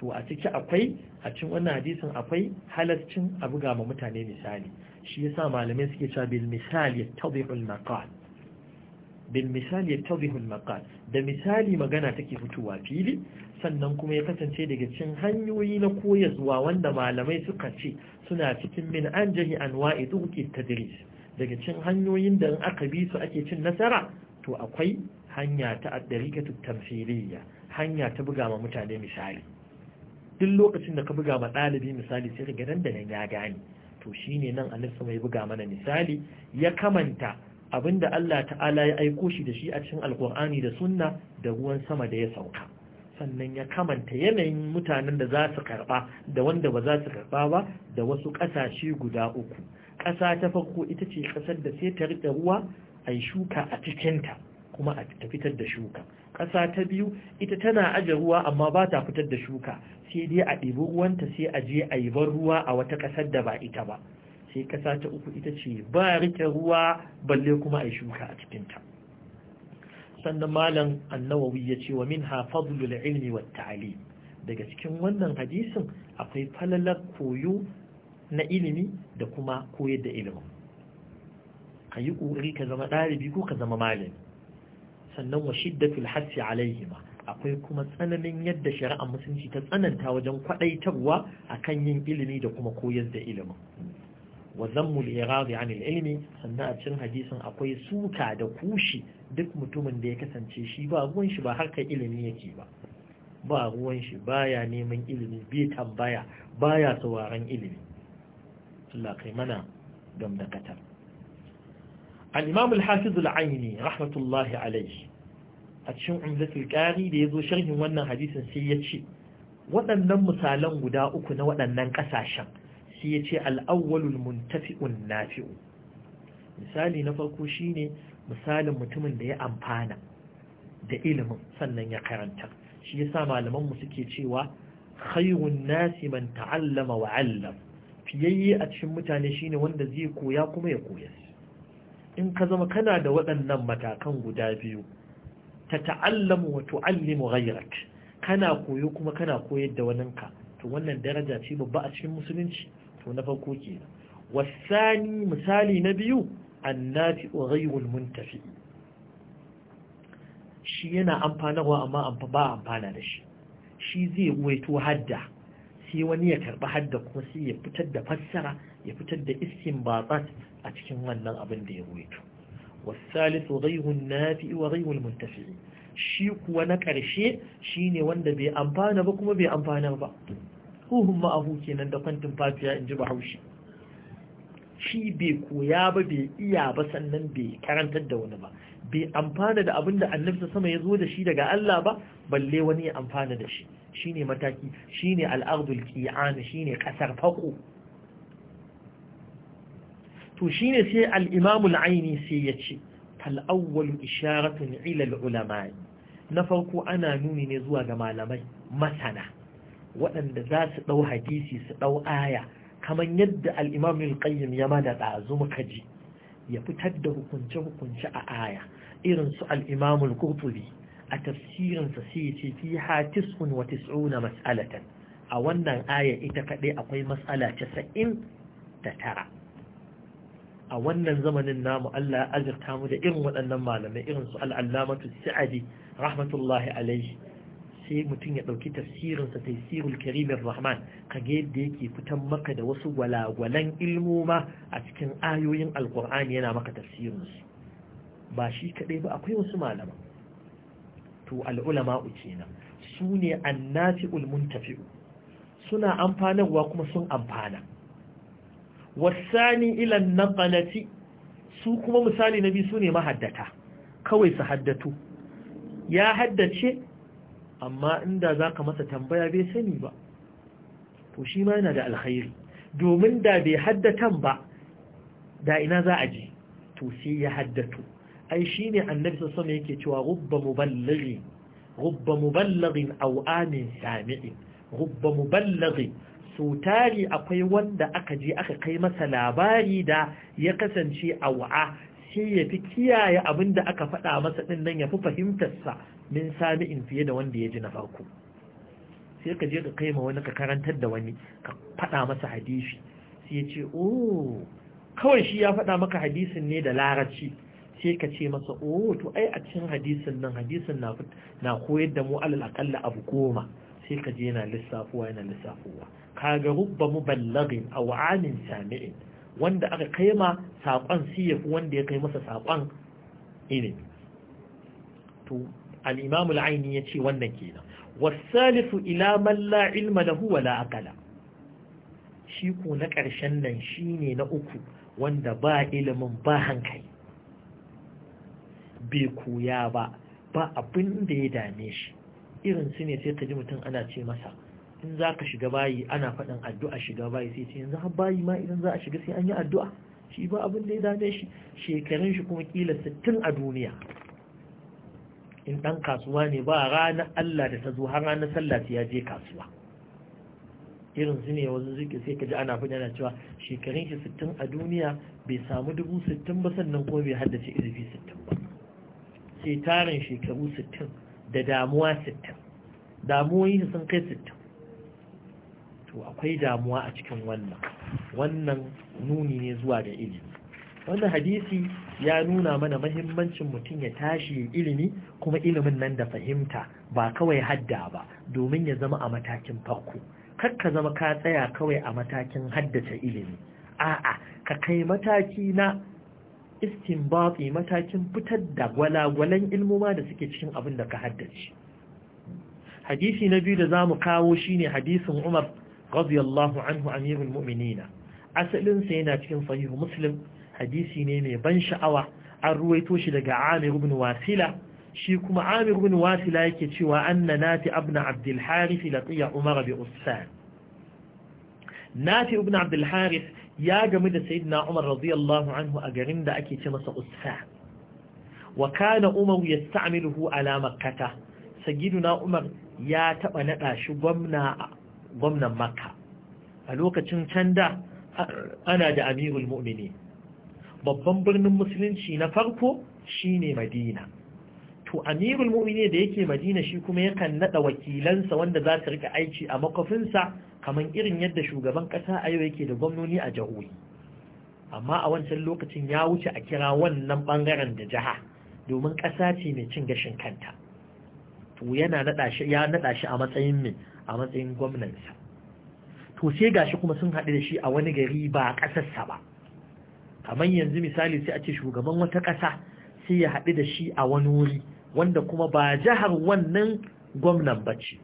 to a ciki akwai a cikin wannan hadisin akwai halarcin a buga ma mutane misali shi yasa malamai suke cewa bil misali yattadihu al maqal bil misali maqal da misali magana take fitowa fili sannan kuma ya kasance daga cikin hanyoyi na koyarwa wanda malamai suka ce suna cikin min anjahi anwa'i tuqi tadris daga cin hanyoyin da aka bi su ake cin nasara to akwai hanya ta addarikatu tamfiliya hanya ta buga ma mutane misali duk lokacin da ka buga ma ɗalibi misali sai ka dan da nan ya gane to shine nan Allah sama ya buga mana misali ya kamanta abinda Allah ta'ala ya aiko shi da shi a cikin alkur'ani da sunna da ruwan sama da ya sauka sannan ya kamanta yanayin mutanen da za su karba da wanda ba za su karba ba da wasu ƙasashe guda uku ƙasa ta farko ita ce ƙasar da sai ta riƙe ruwa a shuka a cikinta kuma a ta fitar da shuka ƙasa ta biyu ita tana aje ruwa amma ba ta fitar da shuka sai dai a ɗibi ruwanta sai a je a yi ban ruwa a wata ƙasar da ba ita ba sai ƙasa ta uku ita ce ba riƙe ruwa balle kuma a shuka a cikinta sannan malam annawawi ya ce wa min ha fadlul ilmi wa daga cikin wannan hadisin akwai falalar koyo na ilimi da kuma koyar da ilimin ka yi ƙoƙari ka zama ɗalibi ko ka zama malami sannan wa shiddatul hassi alaihima akwai kuma tsananin yadda shari'ar musulunci ta tsananta wajen kwaɗaitarwa kan yin ilimi da kuma koyar da ilimin wa zammul iradi an ilimi sannan a cikin hadisin akwai suka da kushi duk mutumin da ya kasance shi ba ruwan shi ba harkar ilimi yake ba ba ruwan shi baya neman ilimi bai tambaya baya sauraron ilimi Allah kai mana don dakatar al-imam al-hafiz aini rahmatullahi alaihi a cikin umdatul qari da zo sharhin wannan hadisin sai ya ce waɗannan misalan guda uku na waɗannan ƙasashen sai ya ce al muntafi'un nafi'u misali na farko shine misalin mutumin da ya amfana da ilimin sannan ya karanta shi yasa malaman mu suke cewa khairun nasi man ta'allama wa 'allama fiyayye a cikin mutane shine wanda zai koya kuma ya koya in ka zama kana da waɗannan matakan guda biyu ta ta'allamu wa tu'allimu ghayrak kana koyo kuma kana koyar da waninka to wannan daraja ce babba a cikin musulunci to na farko kenan wasani misali na biyu annati ghayrul muntafi shi yana amfanarwa amma ba amfana da shi shi zai waito hadda sai wani ya karɓi hadda kuma sai ya fitar da fassara ya fitar da iskin batsat a cikin wannan abin da ya ruwaito والثالث ضيه wa وضيه المنتفع shi kuwa na karshe shine wanda bai amfana ba kuma bai amfana ba huhun ma'ahu kenan da kwantin fatiya in ji bahaushe shi bai koya ba bai iya ba sannan bai karantar da wani ba bai amfana da abinda da annabta sama ya zo da shi daga Allah ba balle wani ya amfana da shi shine mataki shine al'ardul qi'an shine kasar fako to shine sai al-imam al-aini sai yace fal awwal isharatun ila al-ulama na farko ana nuni ne zuwa ga malamai masana waɗanda za su ɗau hadisi su ɗau aya kamar yadda al qayyim ya mada ɗazu muka ya fitar da hukunce-hukunce a aya irin su al-imam a tafsirinsa sai ce fi ha tis'un wa tis'una mas'alatan a wannan aya ita kaɗai akwai mas'ala casa'in da tara a wannan zamanin namu Allah ya azurta mu da irin waɗannan malamai irin su al'allamatu sa'adi rahmatullahi alaihi sai mutum ya ɗauki tafsirinsa tafsirul karimin rahman ka ga yadda yake fitan maka da wasu gwalagwalan ilmoma a cikin ayoyin alkur'ani yana maka tafsirinsu ba shi kaɗai ba akwai wasu malaman to al'ulama kenan su ne annafi'ul muntafi'u suna amfanarwa kuma sun amfana wasani ilan naqalati su kuma misali na biyu su ne mahaddata kawai su haddatu ya haddace amma inda za ka masa tambaya bai sani ba to shi ma yana da alkhairi domin da bai haddatan ba da ina za a je to sai ya haddatu ai shi ne annabi sassama yake cewa rubba muballaghi rubba muballaghin aw amin sami'in rubba muballaghi so tari akwai wanda aka je aka kai masa labari da ya kasance awa sai ya fi kiyaye abin da aka faɗa masa ɗin nan ya fi fahimtarsa min sami'in fiye da wanda ya ji na farko sai ka je ka kai ma wani ka karantar da wani ka faɗa masa hadisi sai ya ce oh kawai shi ya faɗa maka hadisin ne da larabci sai ka ce masa oh to ai a cikin hadisin nan hadisin na na koyar da mu alal aqalla abu goma sai ka je yana lissafuwa yana lissafuwa ga rubba ballagin aw amin sami'in wanda aka kai ma sakon siyafu wanda ya kai masa sakon ilimi to al-imam al-aini yace wannan kenan wasalifu ila man la ilma lahu la aqala shi ko na ƙarshen nan shine na uku wanda ba ilimin ba hankali bai koya ba ba abin da ya dame shi irin su ne sai ka ji mutum ana ce masa in za ka shiga bayi ana faɗin addu'a shiga bayi sai ce yanzu har bayi ma idan za a shiga sai an yi addu'a shi ba abin da ya dame shi shekarun shi kuma kila sittin a duniya in ɗan kasuwa ne ba ranar Allah da ta zo har ranar sallah ya je kasuwa irin su ne wasu zuke sai ka ji ana fi yana cewa shekarun shi sittin a duniya bai samu dubu sittin ba sannan kuma bai haddace izifi sittin ba sai tarin shekaru sittin da damuwa 60 damuwoyi sun kai 60 to akwai damuwa a cikin wannan wannan nuni ne zuwa ga ilimi wannan hadisi ya nuna mana mahimmancin mutum ya tashi ilimi kuma ilimin nan da fahimta ba kawai hadda ba domin ya zama a matakin farko ka zama ka tsaya kawai a matakin haddace ilimi a'a ka kai mataki na istinbati matakin fitar da gwalagwalan ilmoma da suke cikin abin da ka haddace hadisi na biyu da za mu kawo shine hadisin umar radiyallahu anhu amirul mu'minina asalinsa yana cikin sahihu muslim hadisi ne mai ban sha'awa an ruwaito shi daga amir ibn wasila shi kuma amir ibn wasila yake cewa anna nati ibn abdul harith laqiya umar bi ussan nati ibn abdul harith ya gami da sayyidina Umar radiyallahu anhu a garin da ake ce masa usfa wa kana Umar yasta'miluhu ala Makkah sayyidina Umar ya taɓa naɗa shi gwamnan Makka a lokacin canda ana da Amirul Mu'minin babban birnin musulunci na farko shine Madina to Amirul Mu'minin da yake Madina shi kuma yakan naɗa wakilansa wanda za su rika aiki a makofinsa kamar irin yadda shugaban ƙasa a yau yake da gwamnoni a jihohi amma a wancan lokacin ya wuce a kira wannan bangaren da jiha domin ƙasa ce mai cin gashin kanta to yana naɗa shi ya naɗa shi a matsayin mai a matsayin gwamnansa to sai gashi kuma sun haɗu da shi a wani gari ba a ƙasarsa ba kamar yanzu misali sai a ce shugaban wata ƙasa sai ya haɗu da shi a wani wuri wanda kuma ba jihar wannan gwamnan ba ce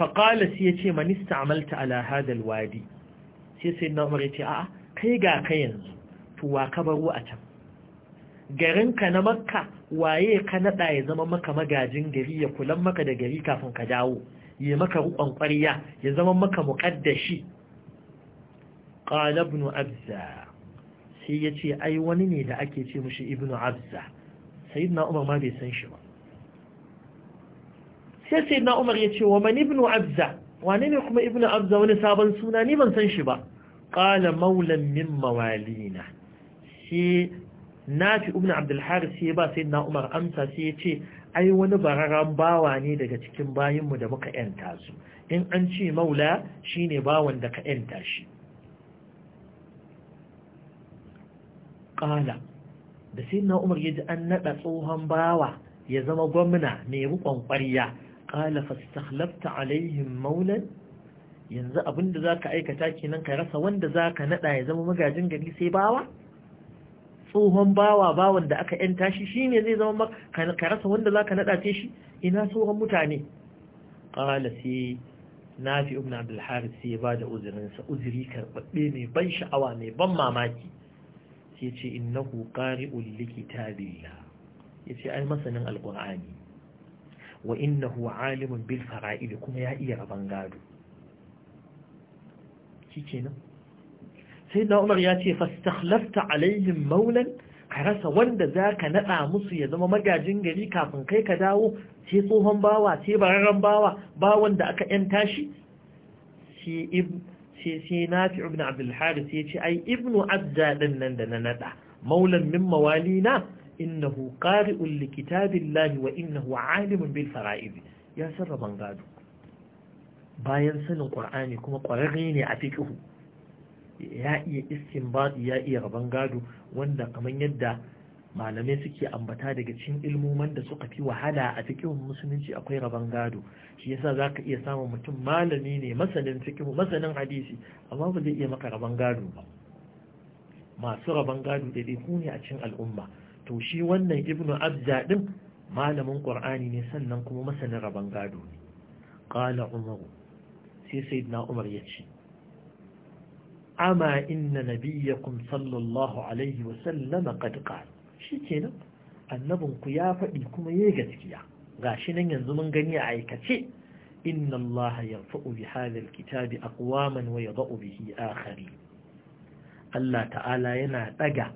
faƙala sai ya ce manista amalta ala hadal wadi sai sai na umar ya ce a'a kai ga ka yanzu tuwa ka baro a can garinka na makka waye ka naɗa ya zama maka magajin gari ya kulan maka da gari kafin ka dawo ya maka rukon ƙwarya ya zama maka muƙaddashi ƙala ibn abza sai ya ce ai wani ne da ake ce mushi ibn abza sayyidina umar ma bai san shi ba sai sai na umar ya ce wa mani ibn abza wane ne kuma ibnu abza wani sabon suna ni ban san shi ba qala maulan min mawalina shi nafi ibnu abdul haris sai ba sai na umar amsa sai ya ce ai wani bararan bawa ne daga cikin bayinmu da muka yanta su in an ce maula shine bawan da ka yanta shi qala da sai na umar ya ji an naɗa tsohon bawa ya zama gwamna mai rukon ƙwarya qala fastakhlafta alaihim maulan yanzu abinda zaka aikata kenan ka rasa wanda zaka nada ya zama magajin gari sai bawa tsohon bawa bawan da aka yanta shi shine zai zama ka rasa wanda zaka nada ce shi ina tsohon mutane qala sai nafi ibn abdul harith sai ba da uzurin sa uzuri karbabbe mai ban sha'awa mai ban mamaki sai ce innahu qari'ul likitabillah yace ai masanin alqur'ani wa innahu alimun bil fara'id kuma ya iya raban gado shikenan sai na umar ya ce fastakhlafta alaihim maulan ka rasa wanda zaka nada musu ya zama magajin gari kafin kai ka dawo sai tsohon bawa sai bararren bawa ba wanda aka yanta shi sai ibn sai sai nafi ibn abdul harith ya ce ai ibnu adda din nan da na nada maulan min mawalina innahu qari'un li kitabillahi wa innahu alimun bil fara'id ya san rabon gado bayan sanin qur'ani kuma ƙwararre ne a fiqh ya iya istinbat ya iya rabon gado wanda kamar yadda malamai suke ambata daga cikin ilmoman da suka fi wahala a fikihun musulunci akwai rabon gado shi yasa za ka iya samun mutum malami ne masanin fikihu masanin hadisi amma ba zai iya maka rabon gado ba masu rabon gado da ku ne a cikin al'umma to shi wannan ibnu abza din malamin qur'ani ne sannan kuma masanin rabon gado ne qala umaru sai sayyidina umar ya ce Ama inna nabiyyakum sallallahu alaihi wa sallam qad qala shikenan annabin ku ya faɗi kuma yayi gaskiya gashi nan yanzu mun gani a aikace inna Allah yarfa'u bi hadha alkitabi aqwaman wa yada'u bihi akharin Allah ta'ala yana daga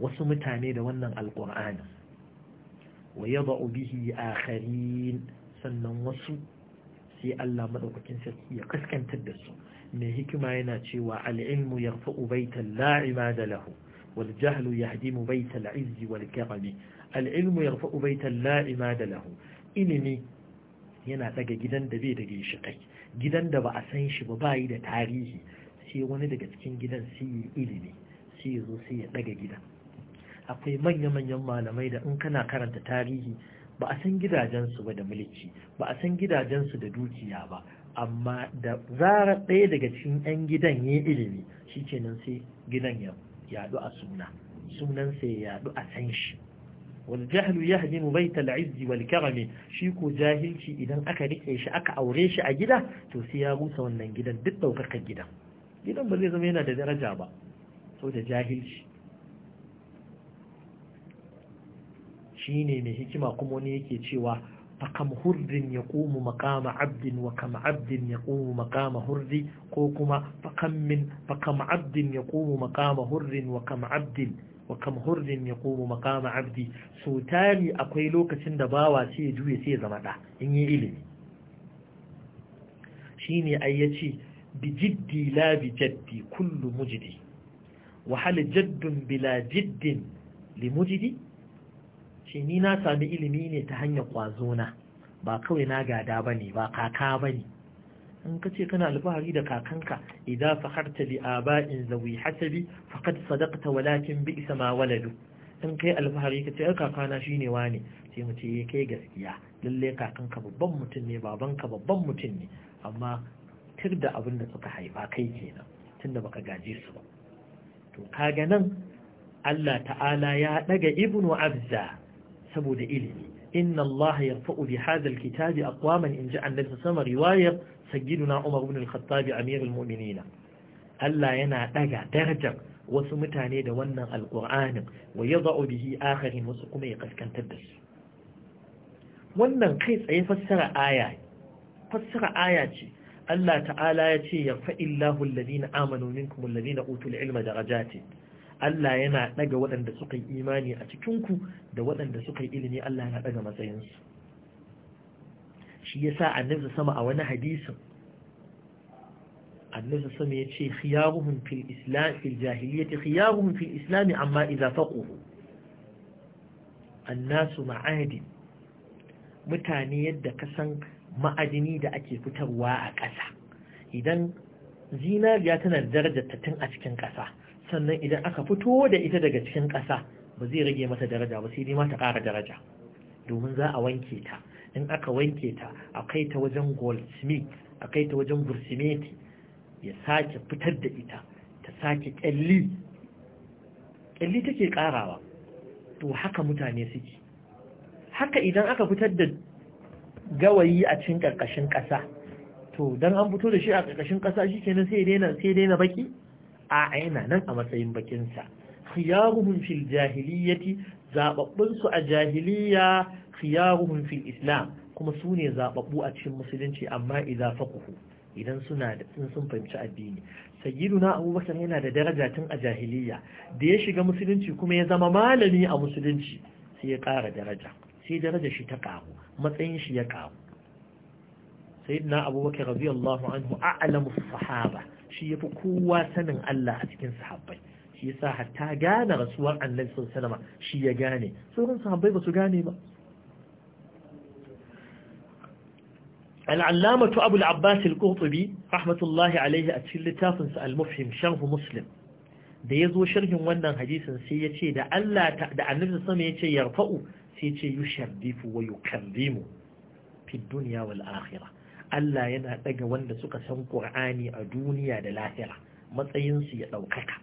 wasu mutane da wannan alƙur'ani wa yada'u bihi akharin sannan wasu sai Allah madaukakin sarki ya kaskantar da su mai hikima yana cewa al'ilmu yarfa'u baitan la imada lahu wal jahlu yahdimu baital izzi wal karami al'ilmu yarfa'u baitan la'ima da lahu ilimi yana daga gidan da bai da ginshiƙai gidan da ba a san shi ba bayi da tarihi sai wani daga cikin gidan sai ilimi sai ya zo sai ya daga gidan akwai manya-manyan malamai da in kana karanta tarihi ba a san gidajensu ba da mulki ba a san gidajensu da dukiya ba amma da zara ɗaya daga cikin 'yan gidan ya ilimi shi nan sai gidan ya yadu a suna sunan sai ya yadu a san shi wal jahlu mu baita al-izzi wal karami shi ko jahilci idan aka riƙe shi aka aure shi a gida to sai ya rusa wannan gidan duk daukar gidan gidan ba zai zama yana da daraja ba da jahilci shine mai hikima kuma wani yake cewa fakam hurdin ya ƙumu makama abdin wa kam abdin ya ƙumu makama hurdi ko kuma fakam abdin ya ƙumu makama hurdin wa kam abdin wa kam hurdin ya ƙumu makama abdi so tari akwai lokacin da bawa ce ya juye sai ya zama ɗa in yi ilimi shine ai ya ce jiddi la bi jaddi kullu mujidi jaddun bila jiddin li mujdi? ce ni na sami ilimi ne ta hanyar na. ba kawai na gada ba ne ba kaka ba ne in ka ce kana alfahari da kakanka idan faharta bi aba'in zawi hasabi faqad sadaqta walakin bi ma waladu in kai alfahari ka ce ai kakana shine wane sai mu ce eh, kai gaskiya Lallai kakanka babban mutum ne babanka babban mutum ne amma tir da abin da suka haifa kai kenan tunda baka gaje su ba to kaga nan Allah ta'ala ya ɗaga ibnu abza saboda ilimi inna Allah yarfa'u bi hadha alkitabi inji in ji annabi sama riwayar na Umar ibn al-Khattab amirul muminina Allah yana daga darajar wasu mutane da wannan alqur'anin wa yad'u bihi akharin wasu kuma ya kaskantar da su wannan kai tsaye fassara aya fassara aya ce Allah ta'ala ya ce yarfa'illahu alladhina amanu minkum alladhina utul ilma darajati Allah yana ɗaga waɗanda suka yi imani a cikinku da waɗanda suka yi ilimi Allah yana ɗaga matsayinsu shi ya sa annabza sama a wani hadisin annabza sama ya ce khiyaruhun fil islam fil jahiliyyati khiyaruhun fil islami amma idza faquhu annasu ma'adin mutane yadda ka san ma'adini da ake fitarwa a ƙasa idan zinariya tana da darajar ta tun a cikin ƙasa sannan idan aka fito da ita daga cikin ƙasa ba zai rage mata daraja ba sai dai mata ƙara daraja domin za a wanke ta in aka wanke ta a kai ta wajen goldsmith a kai ta wajen gursimeti ya sake fitar da ita ta sake ƙyalli ƙyalli take ƙarawa to haka mutane suke haka idan aka fitar da gawayi a cikin ƙarƙashin ƙasa to don an fito da shi a ƙarƙashin ƙasa shi kenan sai daina baki a yana nan a matsayin bakinsa khiyaruhum fil jahiliyyati zababbun su a jahiliya khiyaruhum fil islam kuma su ne zababbu a cikin musulunci amma idan faquhu idan suna da sun fahimci addini sayyiduna abubakar yana da daraja tun a jahiliya da ya shiga musulunci kuma ya zama malami a musulunci sai ya ƙara daraja sai daraja shi ta ƙaru matsayin shi ya ƙaru sayyiduna abubakar radiyallahu anhu a'lamu sahaba shi yafi kowa sanin Allah a cikin sahabbai shi yasa hatta gane rasuwar annabi sallallahu alaihi wasallam shi ya gane sauran sahabbai ba su gane ba العلامة أبو العباس القرطبي رحمة الله عليه أتشل تافنس المفهم شرح مسلم da ya zo sharhin wannan hadisin sai ya ce da Allah da annabi sama ya ce yarfa'u sai ya ce yusharrifu wa yukallimu fi dunya wal akhirah Allah yana ɗaga wanda suka san ƙur'ani a duniya da lahira matsayinsu ya ɗaukaka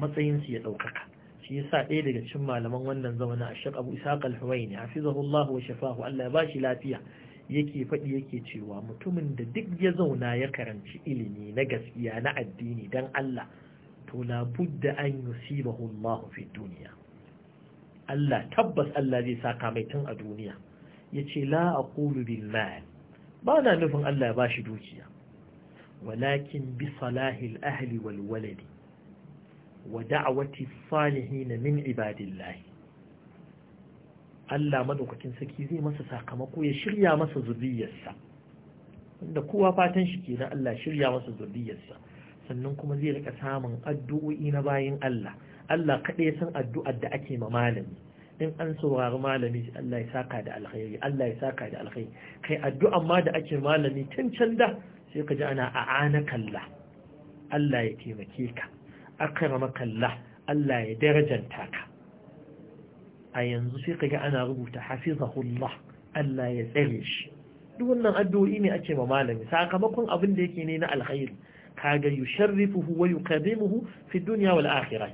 matsayinsu ya ɗaukaka shi yasa ɗaya daga cikin malaman wannan zaune a shek abu isa kalhuwaini hafizahullah wa shafahu Allah ya bashi lafiya yake faɗi yake cewa mutumin da duk ya zauna ya karanci ilimi na gaskiya na addini dan Allah to la budda an yusibahu Allah fi duniya Allah tabbas Allah zai saka mai tun a duniya ya ce la a ƙulu billah ba na nufin Allah ya ba shi dukiya walakin bi salahil ahli wal waladi wa da'awati salihin min ibadillahi? Allah madaukakin saki zai masa sakamako ya shirya masa zuriyarsa wanda kowa fatan shi kenan Allah shirya masa zuriyarsa sannan kuma zai rika samun addu'o'i na bayin Allah Allah kaɗai san addu'ar da ake ma malami in an saurari malami Allah ya saka da alkhairi Allah ya saka da alkhairi kai addu'a ma da ake malami tun can da sai ka ji ana a'ana kalla Allah ya taimake ka akrama kalla Allah ya darajanta ka a yanzu sai ka ga ana rubuta hafizahullah Allah ya tsare shi duk wannan addu'o'i ne ake ma malami sakamakon abin da yake ne na alkhairi kaga yusharrifuhu wa yuqaddimuhu fi dunya wal akhirah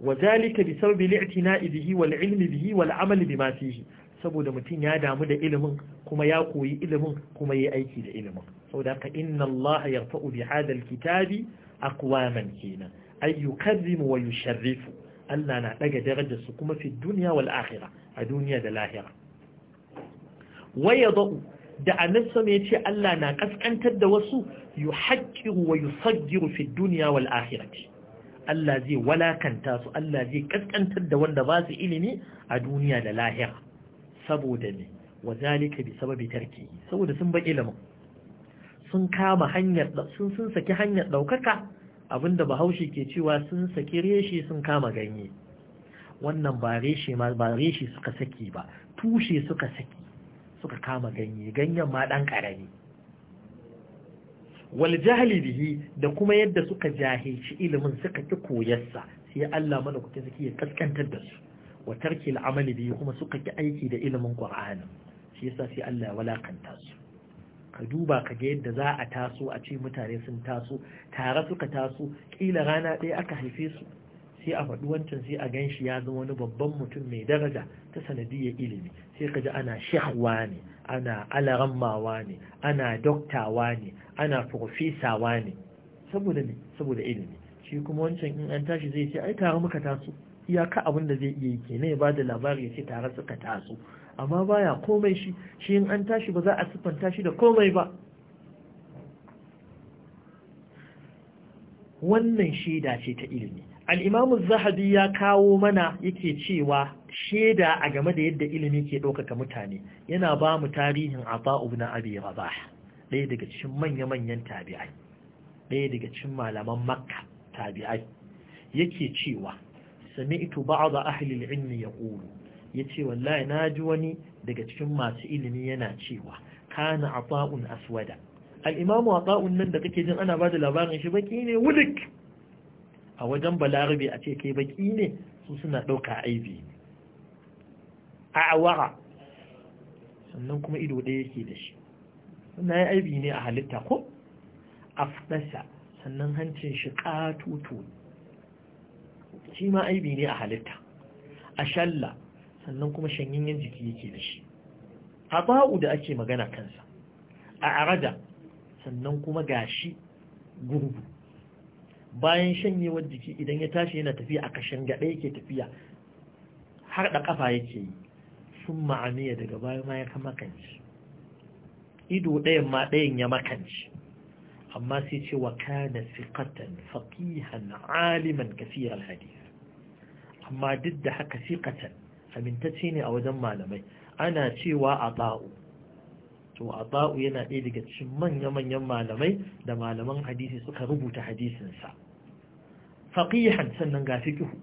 وذلك بسبب الاعتناء به والعلم به والعمل بما فيه saboda mutum ya damu da ilimin kuma ya koyi ilimin kuma ya aiki da ilimin saboda ka inna Allah yarfa'u bi hadal kitabi aqwaman kenan ay yukazzimu wa yusharrifu Allah na daga darajar su kuma fi dunya wal akhirah a duniya da lahira wayadu da annabi sama ce Allah na kaskantar da wasu yuhaqqiru wa yusaggiru fi dunya wal akhirah Allah zai walakanta su Allah zai kaskantar da wanda ba su ilimi a duniya da lahira saboda ne wa zalika bi sababi tarki saboda sun ba ilimin sun kama hanyar sun sun saki hanyar daukaka abinda bahaushe ke cewa sun saki reshe sun kama ganye wannan ba reshe ma ba reshe suka saki ba tushe suka saki suka kama ganye ganyen ma dan karami wal jahli bihi da kuma yadda suka jahilci ilimin suka ki koyarsa sai Allah mana saki suke kaskantar da su wa tarki al'amali bihi kuma suka ki aiki da ilimin Qur'ani shi yasa sai Allah ya walakanta su ka duba ka ga yadda za a taso a ce mutane sun taso tare suka taso kila rana ɗaya aka haife su sai a faɗi wancan sai a ganshi ya zama wani babban mutum mai daraja ta sanadiyar ilimi sai ka ji ana shehwa ne ana alarammawa ne ana doktawa ne ana profesawa ne saboda ne saboda ilimi shi kuma wancan in an tashi zai ce ai tare muka taso iyaka abin da zai iya yi kenan ya bada labari ya ce tare suka taso amma baya komai shi shi in an tashi ba za a siffanta shi da komai ba wannan shaida ce ta ilimi al-imamu zahabi ya kawo mana yake cewa shaida a game da yadda ilimi ke ɗaukaka mutane yana ba mu tarihin Aba ibn Abi Rabah ɗaya daga cikin manya-manyan tabi'ai ɗaya daga cikin malaman Makka tabi'ai yake cewa sami'tu ba'd ahli ya ilm ya ce wallahi na ji wani daga cikin masu ilimi yana cewa kana ata'un aswada alimamu a nan da kake jin ana ba da labarin shi baki ne wulik a wajen balarabe a ce kai baki ne su suna ɗauka aibi a awara sannan kuma ido ɗaya yake da shi Na ya aibi ne a halitta ko afdasa sannan hancin shi ƙatutu shi ma aibi ne a halitta a shalla sannan kuma shanyayyen jiki yake da shi a ba'u da ake magana kansa a arada sannan kuma gashi gurgu bayan shanyewar jiki idan ya tashi yana tafiya a kashin gaɗa yake tafiya har da ƙafa yake yi sun ma'amiya daga baya ma ya makanci ido ɗayan ma ɗayan ya makanci amma sai ce wa kana siqatan faqihan aliman kasir alhadith amma duk da haka siqatan amintacce ne a wajen malamai ana cewa ata'u to ata'u yana ɗaya daga cikin manya-manyan malamai da malaman hadisi suka rubuta hadisinsa faqihan sannan gafi fiqhu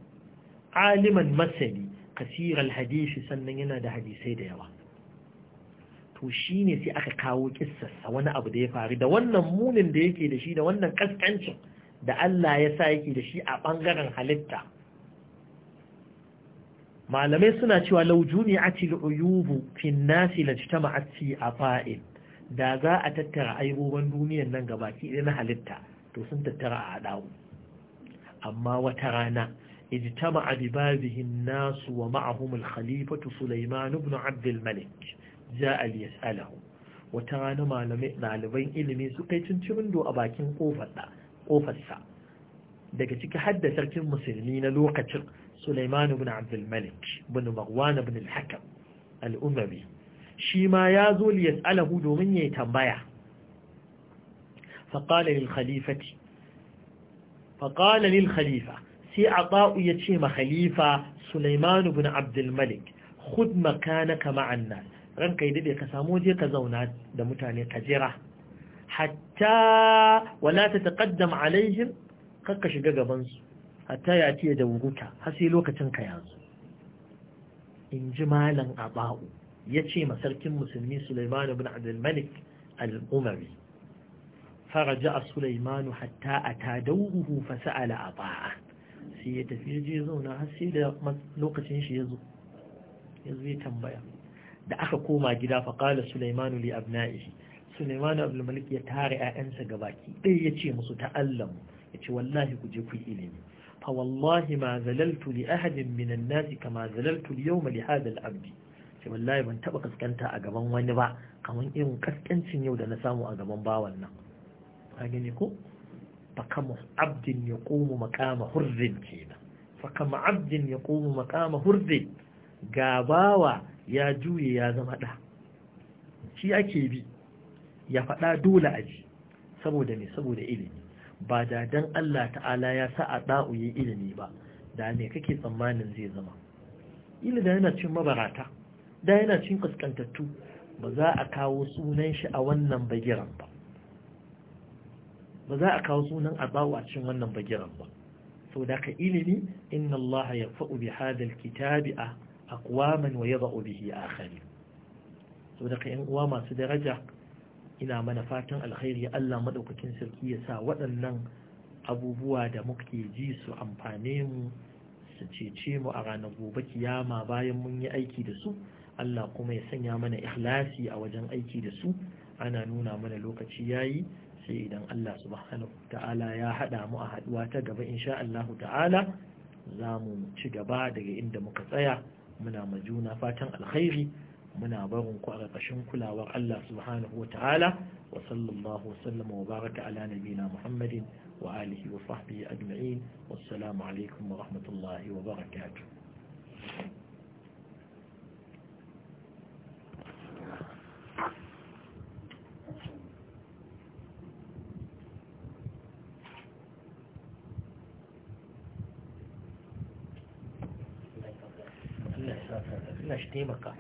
aliman masani Kasiral hadisi sannan yana da hadisai da yawa to shi ne sai aka kawo kissarsa wani abu da ya faru da wannan munin da yake da shi da wannan kaskancin da Allah ya sa yake da shi a ɓangaren halitta malamai suna cewa laujuni a tiluyubu fin nasi na cita ma'aci a fa'il da za a tattara aibobin duniyan nan gabaki na halitta to sun tattara a dawo amma wata rana اجتمع ببابه الناس ومعهم الخليفة سليمان بن عبد الملك جاء ليسأله وترانا معلمين إلمي سكيتن ترندو أباكين قوفتا daga ciki hadda sarkin musulmi na lokacin Sulaiman ibn Abdul Malik ibn Marwan ibn al-Hakam al shi ma ya zo li yas'alahu domin yayi tambaya fa qala lil khalifati fa qala lil khalifa sai ba'u ya ce ma khalifa Sulaiman ibn Abdulmalik Malik khud makanaka ma'an nas ranka yi dade ka samu je ka zauna da mutane ka jira hatta wala tataqaddam alaihim kakka shiga gaban su hatta ya ce da wuruta har sai lokacin ka yanzu in ji malam Aba'u ya ce ma sarkin musulmi Sulaiman ibn Abdul Malik al-Umari فرجع سليمان حتى dauhu fasa فسأل أطاعه sai ya tafi je zauna har sai da lokacin shi ya zo ya zo ya tambaya da aka koma gida faƙala Sulaimanu li abna'ihi Sulaimanu ya Malik ya tare ƴaƴansa ɗaya ya ce musu ta'allamu ya ce wallahi ku je ku ilimi fa wallahi ma zalaltu li ahadin minan nasi kama zalaltu li yawma li hadha abdi ce wallahi ban taɓa kaskanta a gaban wani ba kamar irin kaskancin yau da na samu a gaban bawan nan ka gani ko فكم عبد يقوم مقام حر كينا فكم عبد يقوم مقام حر gabawa ya juye ya zama ɗa shi ake bi ya faɗa dole a ji saboda ne saboda ilimi ba da dan Allah ta'ala ya sa a ɗa'u yi ilimi ba da ne kake tsammanin zai zama Ilimi da yana cin mabarata da yana cin kaskantattu ba za a kawo sunan shi a wannan bagiran ba ba za a kawo sunan abawu a cikin wannan bagiran ba sau da ka ilimi inna Allah ya fa'u bi hadal kitabi a akwaman wa ya ba'u bihi akhari sau da ka ‘yan uwa masu daraja ina mana fatan alkhairi Allah maɗaukakin sarki ya sa waɗannan abubuwa da muke ji su amfane mu su cece mu a ranar gobe kiyama bayan mun yi aiki da su Allah kuma ya sanya mana ikhlasi a wajen aiki da su ana nuna mana lokaci yayi sai idan Allah subhanahu ta'ala ya haɗa mu a haɗuwa ta gaba insha Allah ta'ala za mu ci gaba daga inda muka tsaya muna ma juna fatan alkhairi muna barin ku a ƙarƙashin kulawar Allah subhanahu wa ta'ala wa sallallahu wa sallama wa baraka ala nabina Muhammadin wa alihi wa sahbihi ajma'in wassalamu alaikum wa rahmatullahi wa barakatuh taimaka